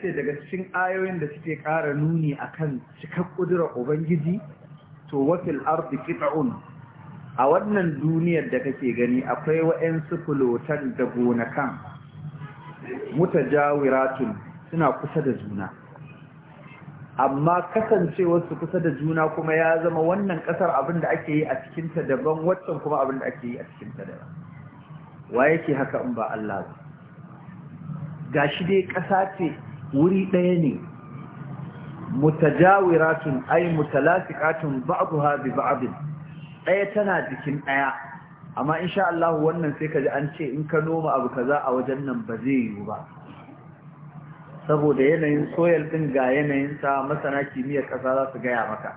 ce daga cikin ayoyin da suke ƙara nuni a kan cikar ƙudura ubangiji to wafil ardi qit'un a wannan duniyar da kake gani akwai wa'ansu fulotan da gonakan jawiratun suna kusa da juna amma kasancewarsu kusa da juna kuma ya zama wannan ƙasar abin da ake yi a cikinta daban waccan kuma abin da ake yi a cikinta daban wa yake haka in ba Allah ba shi dai ƙasa ce wuri ɗaya ne mutajawiratun ay mutalasiqatun ba'daha bi ba'd ɗaya tana jikin ɗaya amma insha Allah wannan sai kaji an ce in ka noma abu kaza a wajen nan ba zai yiwu ba saboda yanayin soyal din ga yanayin sa masana kimiyyar kasa za su gaya maka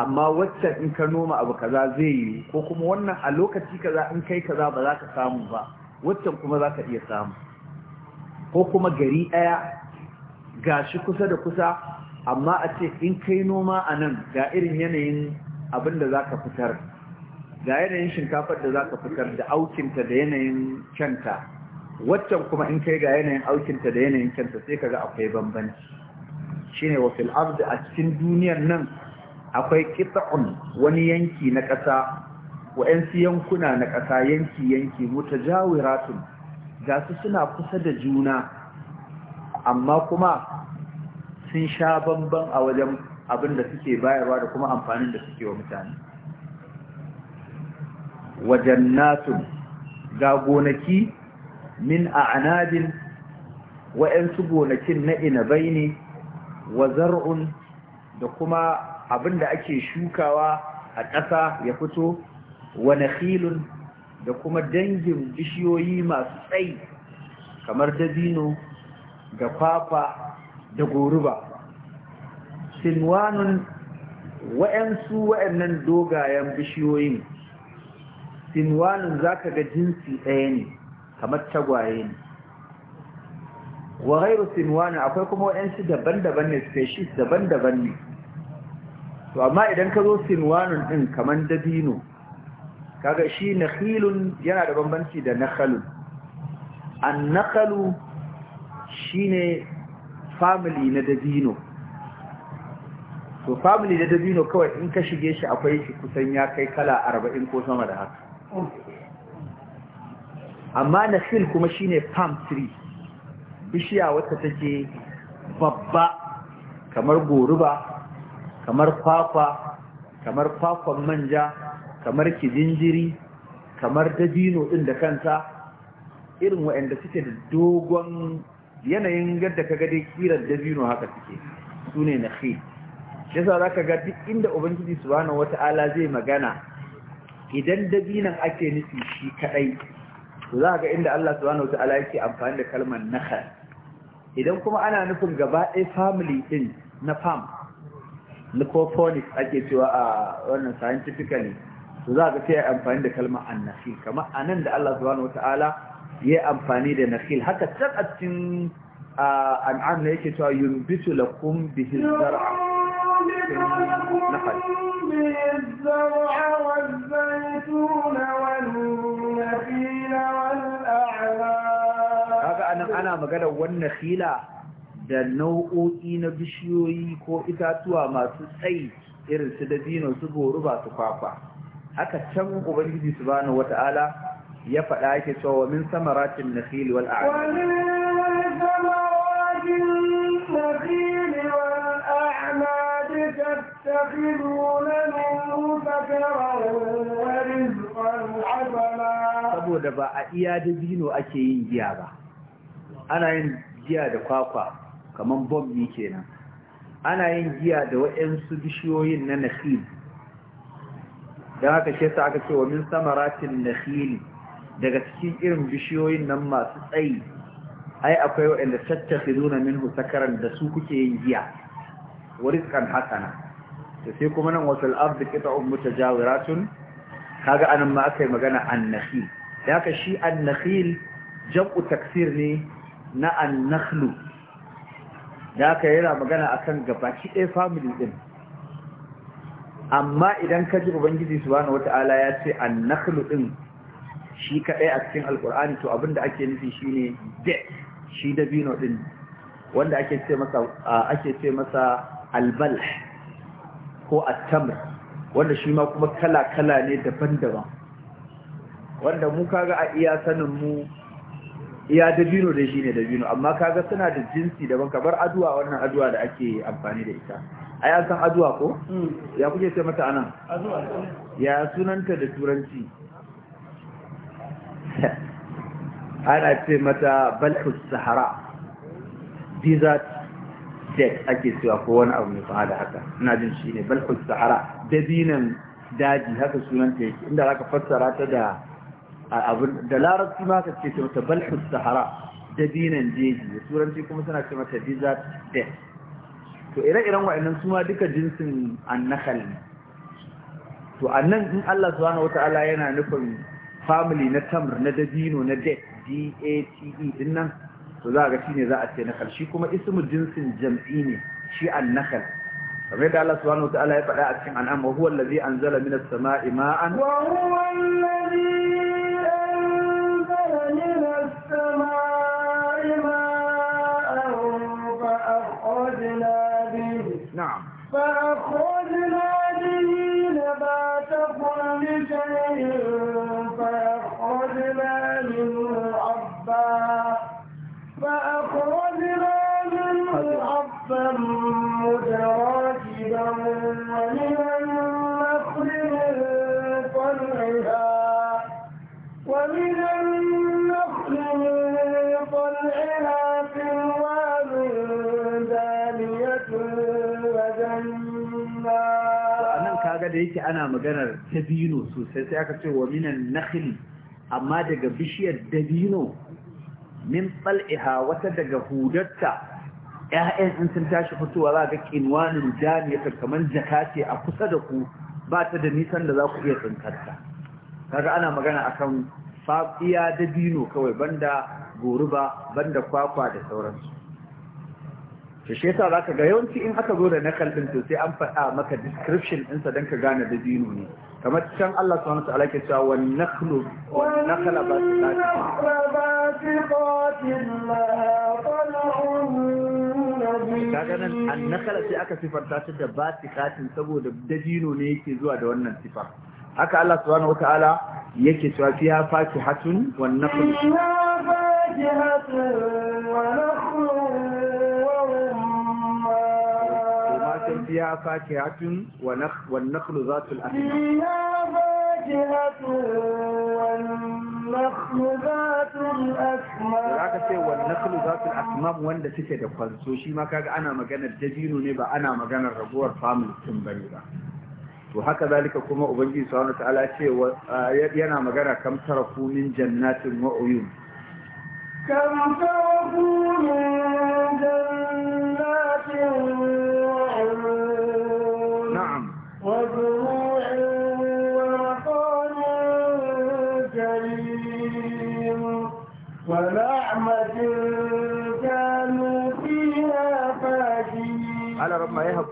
amma wacce in ka noma abu kaza zai yiwu ko kuma wannan a lokaci kaza in kai kaza ba za ka samu ba waccan kuma za ka iya samu ko kuma gari ɗaya Ga shi kusa da kusa amma a ce in kai noma a nan ga irin yanayin abin da za ka fitar ga yanayin shinkafar da za ka fitar da aukinta da yanayin kyanta waccan kuma in kai ga yanayin aukinta da yanayin kyanta sai ka ga akwai bambanci shine ne fil ardi a cikin duniyar nan akwai kitsa'un wani yanki na ƙasa wayansu yankuna na ƙasa yanki yanki mutajawiratun ga su suna kusa da juna amma kuma sun sha bamban a wajen abin da suke bayarwa da kuma amfanin da suke wa mutane wajen nasun ga gonaki min a anadin wa'yansu gonakin na inabai ne wa zar'un da kuma abin da ake shukawa a ƙasa ya fito wa nakhilun da kuma dangin bishiyoyi masu tsayi kamar dabino da kwafa da goruba sinwanun wa'yansu wa'yannan dogayen bishiyoyin sinwanun za ka ga jinsi ɗaya ne kamar tagwaye ne wa sinwanun akwai kuma wa'yansu daban-daban ne species daban-daban ne to amma idan ka zo sinwanun ɗin kamar dabino kaga shi na yana da bambanci da nakhalun an nakhalu shine family na dabino to family da dabino kawai in ka shige shi akwai shi kusan ya kai kala arba'in ko sama da haka amma na fil kuma shine palm tree bishiya wata take babba kamar goruba kamar kwakwa kamar kwakwan manja kamar kijinjiri kamar dabino din da kanta, irin waɗanda suke da dogon yanayin yadda ka gade kiran dabino haka suke su ne na shi yasa za ka ga duk inda ubangiji subhanahu wata'ala zai magana idan dabinan ake nufi shi kadai to za ga inda Allah subhanahu wata'ala yake amfani da kalmar nakhal idan kuma ana nufin gaba ɗaya family din na farm lycophonics ake cewa a wannan scientifically to za ga sai amfani da kalmar annafi kamar anan da Allah subhanahu wata'ala ya amfani da nakhil haka can a cikin an'am ne yake cewa yumbitu lakum bihi zar'a nakhil zar'a anan ana magana wannan khila da nau'o'i na bishiyoyi ko itatuwa masu tsayi irin su da dino su goruba su kwafa haka can ubangiji subhanahu wata'ala ya faɗa yake cewa wa min samaratin nakhil wal a'nab wa min samaratin nakhil wal a'nab tattakhiduna minhu saboda ba a iya dabino ake yin giya ba ana yin giya da kwakwa kaman bombi kenan ana yin giya da waɗansu bishiyoyin na nakhil da haka shi sa aka ce wa min samaratin nakhili daga cikin irin bishiyoyin nan masu tsayi ai akwai waɗanda nuna minhu sakaran da su kuke yin giya wuri kan hasana to sai kuma nan wasal ard qita'un mutajawiratun kaga anan ma akai magana annakhil da haka shi annakhil jam'u taksir ne na annakhlu da aka yana magana akan gabaki ɗaya family ɗin amma idan ka ji ubangiji subhanahu wata'ala ya ce annaklu ɗin shi kaɗai a cikin alkur'ani to abinda ake nufi shine de shi dabino din wanda ake ce masa ake ce masa albal ko attamr wanda shi ma kuma kala-kala ne daban-daban wanda mu kaga a iya sanin mu iya dabino da shi ne dabino amma kaga suna da jinsi daban kamar aduwa wannan aduwa da ake amfani da ita ai an san aduwa ko mm. ya kuke ce mata anan ya sunanta da turanci ana ce mata balhus sahara desert jet ake cewa ko wani abu mai fa da haka ina jin shi ne balhus sahara dabinan daji haka sunanta yake inda zaka fassara ta da abin da larabci ma ka ce ta mata balhus sahara dabinan jeji da turanci kuma suna ce mata desert jet to ire-iren wa'annan su ma duka jinsin annakal ne to annan in Allah subhanahu wata'ala yana nufin family na tamr na dabino na Det, d-a-t-e e, din nan to za a ga shine za a ce nakal shi kuma ismu jinsin jam'i ne shi an nakal kamar da Allah subhanahu wa ta'ala ya faɗa a cikin an'am wa huwa allazi anzala minas sama'i ma'an wa huwa allazi da yake ana maganar dabino sosai sai aka ce wa minan nakhli amma daga bishiyar dabino min tsal'iha wata daga hudarta ‘ya'yan in sun tashi fitowa za ga kinwanin jami'a kamar jaka ce a kusa da ku ba ta da nisan da za ku iya tsinkarta kaga ana magana akan fafiya dabino kawai banda goruba banda kwakwa da sauransu to shi yasa zaka ga yawanci in aka zo da nakal din to sai an faɗa maka description din sa dan ka gane da dino ne kamar can Allah subhanahu wa ta'ala ke cewa wan nakhlu wan nakhla kaga nan an nakala sai aka sifarta ta da batikatin saboda dajino ne yake zuwa da wannan sifar haka Allah subhanahu wa ta'ala yake cewa fiha fakihatun wan nakhlu fiha fakihatun فيها فاكهة ونخل والنخل ذات الأكمام فيها فاكهة والنخل ذات الأكمام ذاك سي والنخل ذات الأكمام وند سكي ده كونسو ana maganar dabino ne ba ana maganar raguwar family din bane ba to haka zalika kuma ubangiji subhanahu wataala ce yana magana kamtar kumin jannatin wa uyun كم تركوا من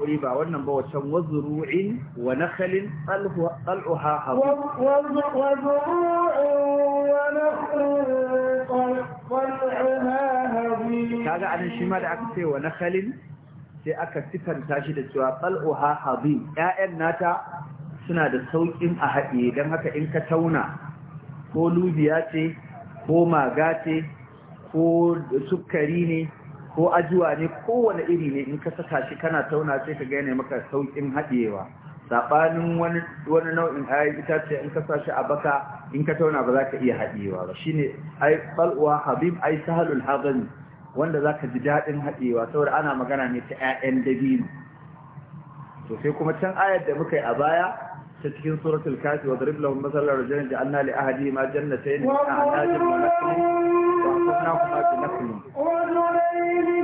hakuri ba wannan ba wacan wazuru'in wa nakhalin qal'uha habu kaga anan shi ma da aka ce wa nakhalin sai aka sifanta shi da cewa qal'uha habu ƴaƴan nata suna da sauƙin a haɗe don haka in ka tauna ko lubiya ko maga ko sukari ne ko ajuwa ne kowane iri ne in ka saka shi kana tauna sai ka gane maka saukin haɗewa saɓanin wani nau'in ayan itace in ka sa shi a baka in ka tauna ba za ka iya haɗewa ba shine ai balwa habib ai sahalul hazan wanda za ka ji daɗin haɗewa saboda ana magana ne ta ƴaƴan dabino to sai kuma can ayar da muka yi a baya ta cikin da سورة الكافي وضرب لهم مثل رجلين جعلنا لأهدهما a wa أعناج ونخل وحفظناهما بنخل sai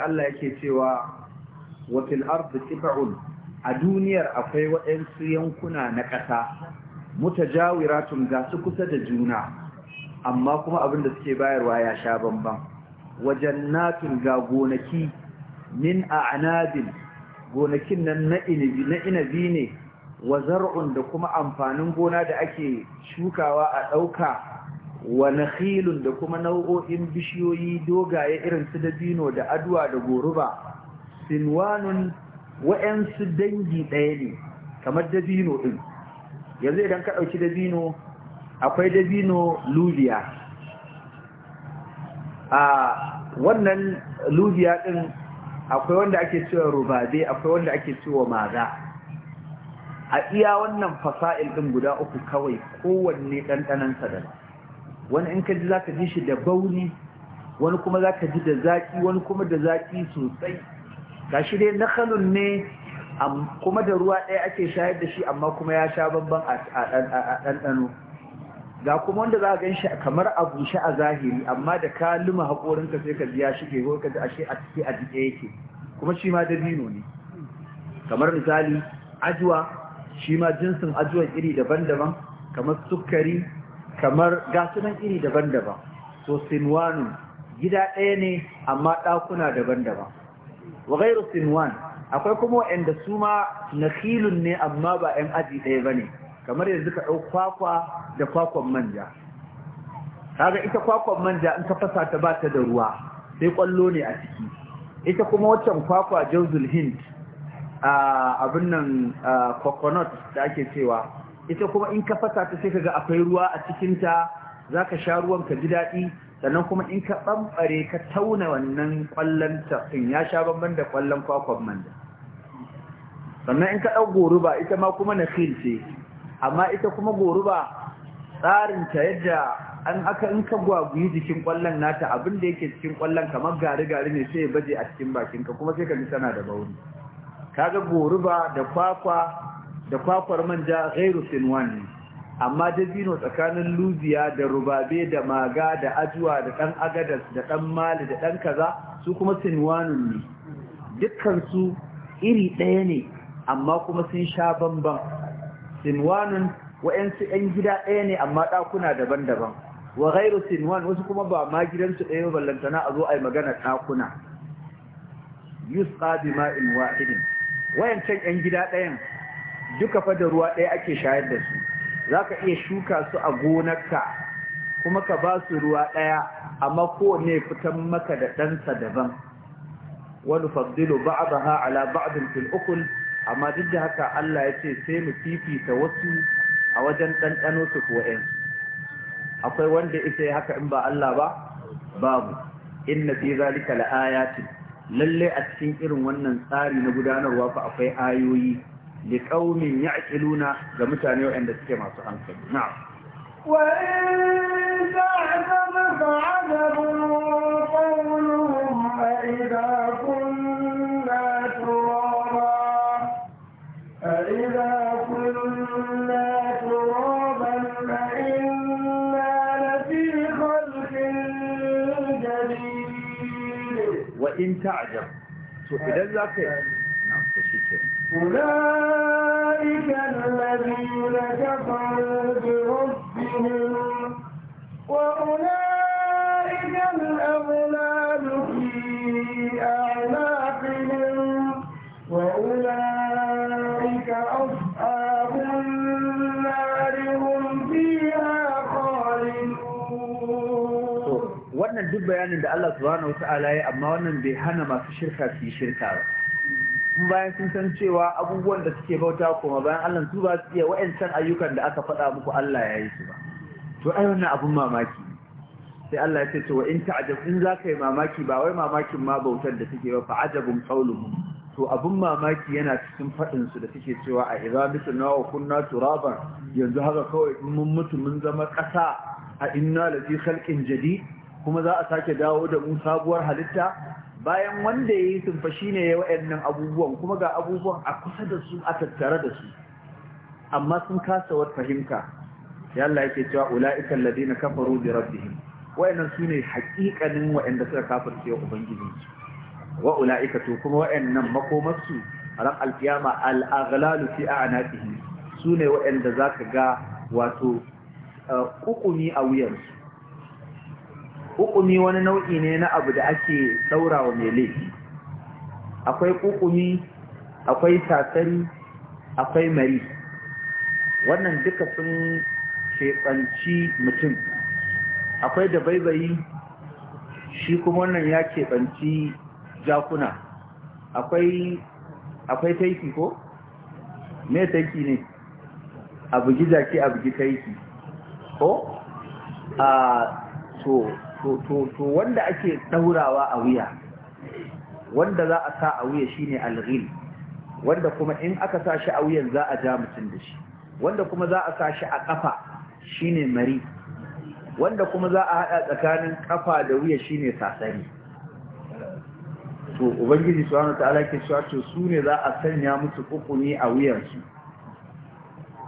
Allah yake cewa wafil arzi ƙifa’un a duniyar akwai waɗansu yankuna na ƙasa Mu mutajawiratun gasu kusa da juna amma kuma abin da suke bayarwa ya sha bamban wajen natin ga gonaki min a'nabin gonakin nan na inabi na inabi ne wa zar'un da kuma amfanin gona da ake shukawa a ɗauka wa nakhilun da kuma nau'o'in bishiyoyi dogaye irin su dabino da aduwa da goruba sinwanun wa'yansu dangi ɗaya ne kamar dabino ɗin yanzu idan ka ɗauki dabino akwai dabino lubiya a wannan lubiya din akwai wanda ake cewa rubabe akwai wanda ake cewa maza a iya wannan fasa'il din guda uku kawai kowanne sa da wani in ka ji za ka ji shi da bauni wani kuma za ka ji da zaƙi wani kuma da zaƙi sosai ga shi dai nakhalun ne kuma da ruwa ɗaya ake shayar da shi amma kuma ya sha babban a ɗanɗano ga kuma wanda za a gan shi kamar a bushe a zahiri amma da ka luma haƙorinka sai ka biya shi ke ko ka ashe a cike a jike yake kuma shi ma dabino ne kamar misali ajuwa shi ma jinsin ajuwan iri daban-daban kamar sukari kamar gasunan iri daban-daban so gida ɗaya ne amma ɗakuna daban-daban wa gairu sinwan akwai kuma waɗanda su ma nakhilun ne amma ba 'yan aji ɗaya ba ne kamar yanzu ka ɗau kwakwa da kwakwan manja kaga ita kwakwan manja in ka fasa ta ba ta da ruwa sai kwallo ne a ciki ita kuma waccan kwakwa jauzul hind a abin nan coconut da ake cewa ita kuma in ka fasa ta sai kaga akwai ruwa a cikinta za ka sha ruwan ka ji daɗi sannan kuma in ka ɓamɓare ka tauna wannan ƙwallon tafin ya sha bamban da ƙwallon kwakwan manja sannan in ka ɗau goruba ita ma kuma na ce amma ita kuma goruba tsarin ta yadda an aka in ka gwagwayi jikin kwallon nata abin da yake cikin kwallon kamar gari-gari ne sai ya baje a cikin bakinka kuma sai ka ji tana da bauri kaga goruba da kwakwa da kwakwar manja ghairu sinwan ne amma dabino tsakanin lubiya da rubabe da maga da ajuwa da dan agadas da dan mali da dan kaza su kuma sinwanun ne dukkansu iri ɗaya ne amma kuma sun sha bamban sinwanun wa'yansu 'yan gida ɗaya ne amma ɗakuna daban-daban wa ghairu sinwan wasu kuma ba ma gidansu ɗaya ballantana a zo a yi magana ɗakuna yusqa ma'in wahidin wayancan 'yan gida ɗayan duka fa da ruwa ɗaya ake shayar da su zaka iya shuka su a gonarka kuma ka ba su ruwa ɗaya amma ko ne fitan maka da ɗansa daban wani faddilu ba'daha ala ba'din fil ukul amma duk da haka Allah ya ce sai mu fifita wasu a wajen ɗanɗano su kuwa ‘yan akwai wanda ita ya haka in ba Allah ba babu inna fi zalika la'ayatin lalle a cikin irin wannan tsari na gudanarwa fa akwai ayoyi li qaumin ya'qiluna ga mutane waɗanda suke masu hankali na'am wa in ta'zama fa'adabu in ta'jab to idan za ka أولئك الذين كفروا بربهم وأولئك الأغلال في أعلى duk bayanin da Allah subhanahu wata'ala ya amma wannan bai hana masu shirka su yi shirka ba in bayan sun san cewa abubuwan da suke bauta kuma bayan Allah su ba su iya wa'ancan ayyukan da aka faɗa muku Allah ya yi su ba to ai wannan abun mamaki sai Allah ya ce to in ta'ajab in za ka yi mamaki ba wai mamakin ma bautar da suke ba fa ajabun qauluhum to abun mamaki yana cikin faɗin su da suke cewa a idza nawa kunna turaban yanzu haka kawai mun mutu mun zama kasa a inna lafi khalqin jadid kuma za a sake dawo da mu sabuwar halitta bayan wanda ya yi sunfa shi ne ya wa'annan abubuwan kuma ga abubuwan a kusa da su a tattare da su amma sun kasa wata fahimta ya Allah yake cewa ula'ikan ladina kafaru bi rabbihim wa'annan su ne haƙiƙanin wa'anda suka kafirce ubangiji wa ula'ika to kuma wa'annan makomarsu a ran alkiyama al'aghlalu fi a'naqihim su ne wa'anda zaka ga wato kukumi uh, a wuyansu ƙuƙumi wani nau'i ne na abu da ake saurawa mai laifi akwai ƙuƙumi akwai tasari akwai mari wannan duka sun keɓanci mutum akwai da baibayi shi kuma wannan ya keɓanci jakuna akwai akwai taiki ko? me taiki ne abu ke abu taiki ko? a to to wanda ake ɗaurawa a wuya wanda za a sa a wuya shine alghil wanda kuma in aka sa shi a wuyan za a ja mutum da shi wanda kuma za a sa shi a kafa shine mari wanda kuma za a haɗa tsakanin kafa da wuya shine sasari to ubangiji subhanahu ta'ala ke cewa to su ne za a sanya mutu kukuni a wuyansu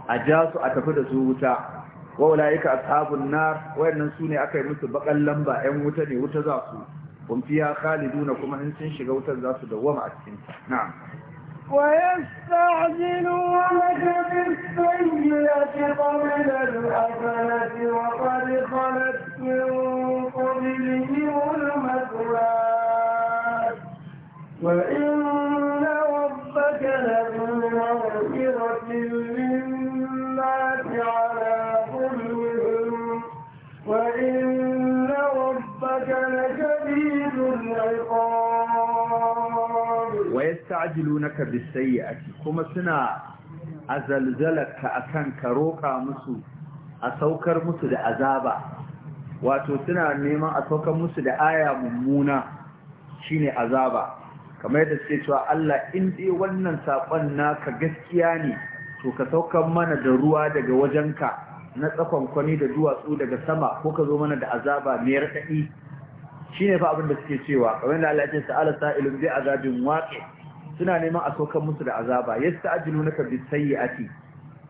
a ja su a tafi da su wuta wa ulaika ashabun nar wayannan sune aka yi musu bakan lamba ƴan wuta ne wuta za su hum fiha khaliduna kuma in sun shiga wutar za su dawwama a cikin ta na'am ويستعجلونك بالسيئة قبل الحسنة وقد خلت من قبلهم المثلات وإن yasta'jilunaka bis-sayyi'ati kuma suna azalzalaka akan ka roka musu a saukar musu da azaba wato suna neman a saukar musu da aya mummuna shine azaba kamar yadda suke cewa Allah in dai wannan sakon naka gaskiya ne to ka saukar mana da ruwa daga wajenka na tsakon kwani da duwatsu daga sama ko ka zo mana da azaba mai raɗaɗi shine fa abin da suke cewa kamar yadda Allah ya ce sa'ala sa'ilun bi azabin waqi' suna neman a saukar musu da azaba yasta'jilu naka bi sayyi'ati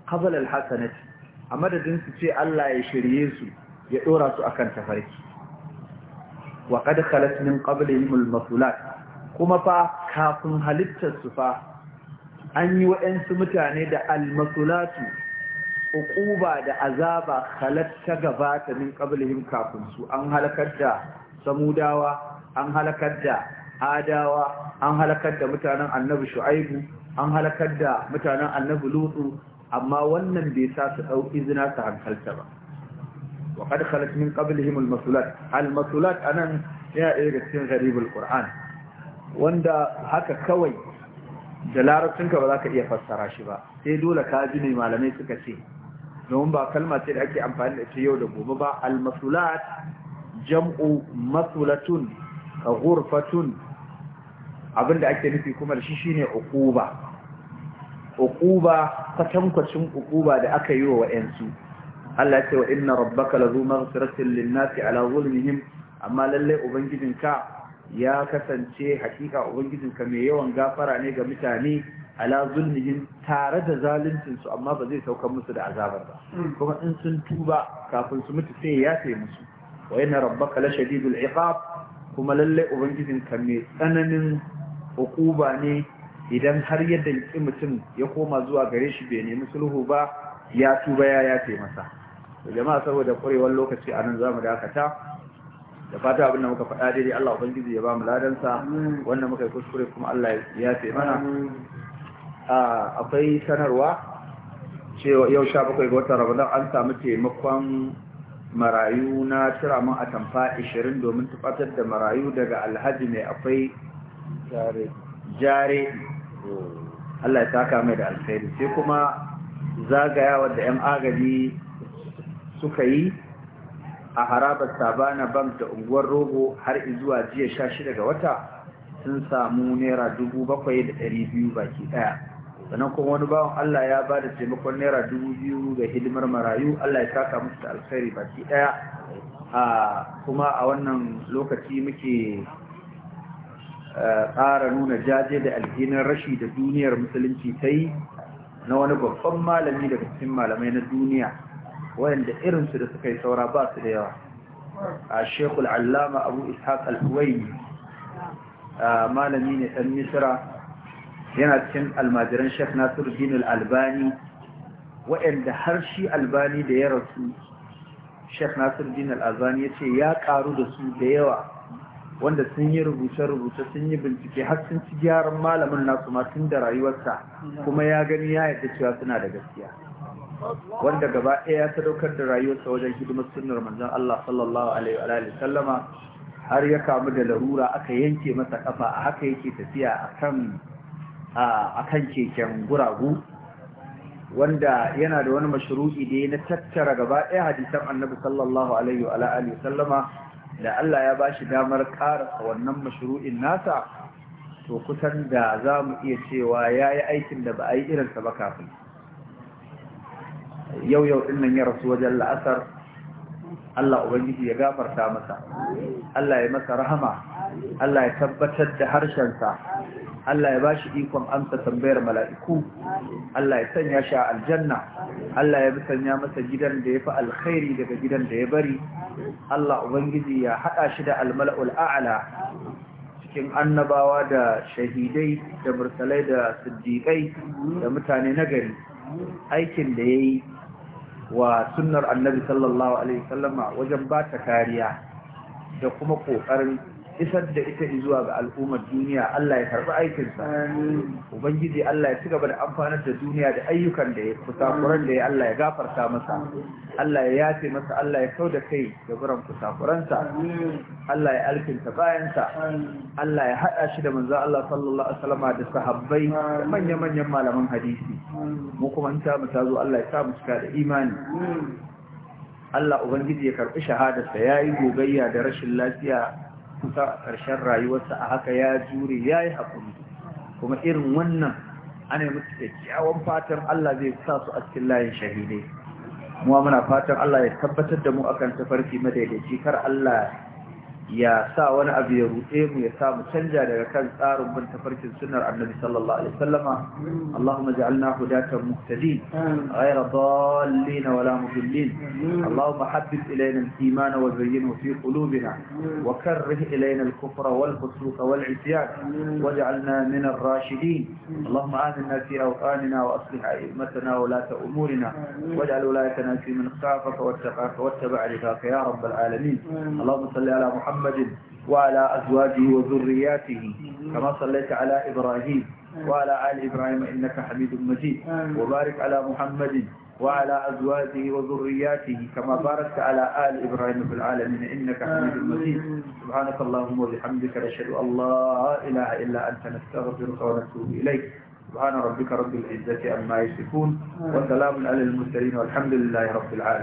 qabala alhasanati hasanati a madadin su ce Allah ya shirye su ya dora su akan tafarki wa qad khalat min qablihim almasulat kuma fa kafin halittar su fa an yi waɗansu mutane da almasulatu uquba da azaba gaba gabata min qablihim kafin su an halakar da samudawa an halakar da adawa an halakar da mutanen annabi shu'aibu an halakar da mutanen annabi lutu amma wannan bai sa su dau izina su hankalta ba wa kad khalat min qablihim al-masulat al-masulat anan ya ɗaya daga cikin al qur'an wanda haka kawai da ka ba za ka iya fassara shi ba sai dole ka ji ne malamai suka ce domin ba kalma ce da ake amfani da ita yau da gobe ba al-masulat jam'u masulatun ghurfatun da ake nufi kuma da shi shine ukuba. Ukuba kwatankwacin ukuba da aka yi wa wayansu Allah ya ce wa inna rabbaka lazu maghfiratin lin-nasi ala zulmihim amma lalle ubangijinka ya kasance hakika ubangijinka mai yawan gafara ne ga mutane ala zulmihim tare da zaluncin su amma ba zai saukar musu da azabar ba kuma in sun tuba kafin su mutu sai ya sai musu wa inna rabbaka la shadidul iqab kuma lalle ubangijinka mai tsananin hukuba ne idan har yadda yake mutum ya koma zuwa gare shi bai nemi sulhu ba ya tuba ya yafe masa jama'a saboda kurewar lokaci a nan zamu dakata da fata abin da muka faɗa daidai Allah ubangiji ya ba mu ladansa wannan muka yi kuskure kuma Allah ya yafe mana akwai sanarwa cewa yau sha bakwai ga watan Ramadan an samu taimakon marayu na cira atamfa 20 domin tufatar da marayu daga alhaji ne akwai jare Allah ya saka mai da alkhairi sai kuma zagaya wadda 'yan agaji suka yi a harabar sabana bank da unguwar rogo har zuwa jiya 16 ga wata sun samu naira biyu baki daya sanan kuma wani bawan Allah ya ba da taimakon naira dubu biyu ga hidimar marayu Allah ya saka musu da alkhairi baki daya kuma a wannan lokaci muke ƙara nuna jaje da alhinin rashi da duniyar musulunci ta yi na wani babban malami daga cikin malamai na duniya wayanda irinsu da suka yi saura ba su da yawa a shekul allama abu ishaq al-huwaini malami ne ɗan Misira, yana cikin almajiran shek Nasiru din albani wayanda har shi albani da ya rasu shek Nasiru din albani ya ce ya ƙaru da su da yawa wanda sun yi rubuce-rubuce sun yi bincike har sun ci gyaran malamin nasu ma tun da rayuwarsa kuma ya gani ya yadda cewa suna da gaskiya wanda gaba ɗaya ya sadaukar da rayuwarsa wajen hidimar sunnar manzon Allah sallallahu alaihi wa sallama har ya kamu da larura aka yanke masa kafa a haka yake tafiya akan akan keken guragu wanda yana da wani mashru'i da ya na tattara gaba ɗaya hadisan annabi sallallahu alaihi wa alihi sallama da Allah ya ba shi damar karasa wannan mashru'in nasa to kusan da za mu iya cewa ya yi aikin da ba a yi irinsa ba kafin yau yau ɗin nan ya rasu wajen la'asar Allah Ubangiji ya gafarta masa Allah ya masa rahama Allah ya tabbatar da harshensa Allah ya ba shi ikon amsa tambayar mala'iku Allah ya sanya shi a aljanna Allah ya sanya masa gidan da ya fi alkhairi daga gidan da ya bari Allah ubangiji ya haɗa shi da almala'ul Aala, cikin annabawa da shahidai da mursalai da siddiqai da mutane nagari aikin da yayi wa sunnar annabi sallallahu alaihi wasallama wajen ba ta kariya da kuma ƙoƙarin. isar da ita zuwa ga al'ummar duniya Allah ya karɓi aikinsa ubangiji Allah ya ci gaba da amfanar da duniya da ayyukan da ya kusakuran da ya Allah ya gafarta masa Allah ya yafe masa Allah ya kau da kai da buran kusakuransa Allah ya alkinta bayansa Allah ya haɗa shi da manzo Allah sallallahu alaihi wasallam da sahabbai da manya-manyan malaman hadisi mu kuma in ta mu tazo Allah ya sa mu cika da imani Allah ubangiji ya karɓi shahadarsa yayi gogayya da rashin lafiya kusa a ƙarshen rayuwarsa a haka ya jure ya yi haƙuri kuma irin wannan ana yi musu kyakkyawan fatan Allah zai sa su a cikin layin shahidai muwa muna fatan Allah ya tabbatar da mu akan tafarki madaidaici kar Allah ya sa wani abu ya rute mu ya sa mu canja daga kan tsarin bin tafarkin sunnar annabi sallallahu alaihi wasallama Allahumma ja'alna hudatan muhtadin ghayra dallin wala mudillin Allahumma habbib ilayna al-iman wa zayyinhu fi qulubina wa karrih ilayna al-kufra wal fusuq wal 'isyan waj'alna min ar-rashidin Allahumma aminna fi awqanina wa aslih a'immatana wa la umurina waj'al wilayatana fi man khafaka wa wattaba'a rida ya rabbal alamin Allahumma salli ala Muhammad محمد وعلى أزواجه وذرياته كما صليت على إبراهيم وعلى آل إبراهيم إنك حميد مجيد وبارك على محمد وعلى أزواجه وذرياته كما باركت على آل إبراهيم في العالمين إنك حميد مجيد سبحانك اللهم وبحمدك نشهد أن لا إله إلا أنت نستغفرك ونتوب إليك سبحان ربك رب العزة عما يصفون وسلام على المرسلين والحمد لله رب العالمين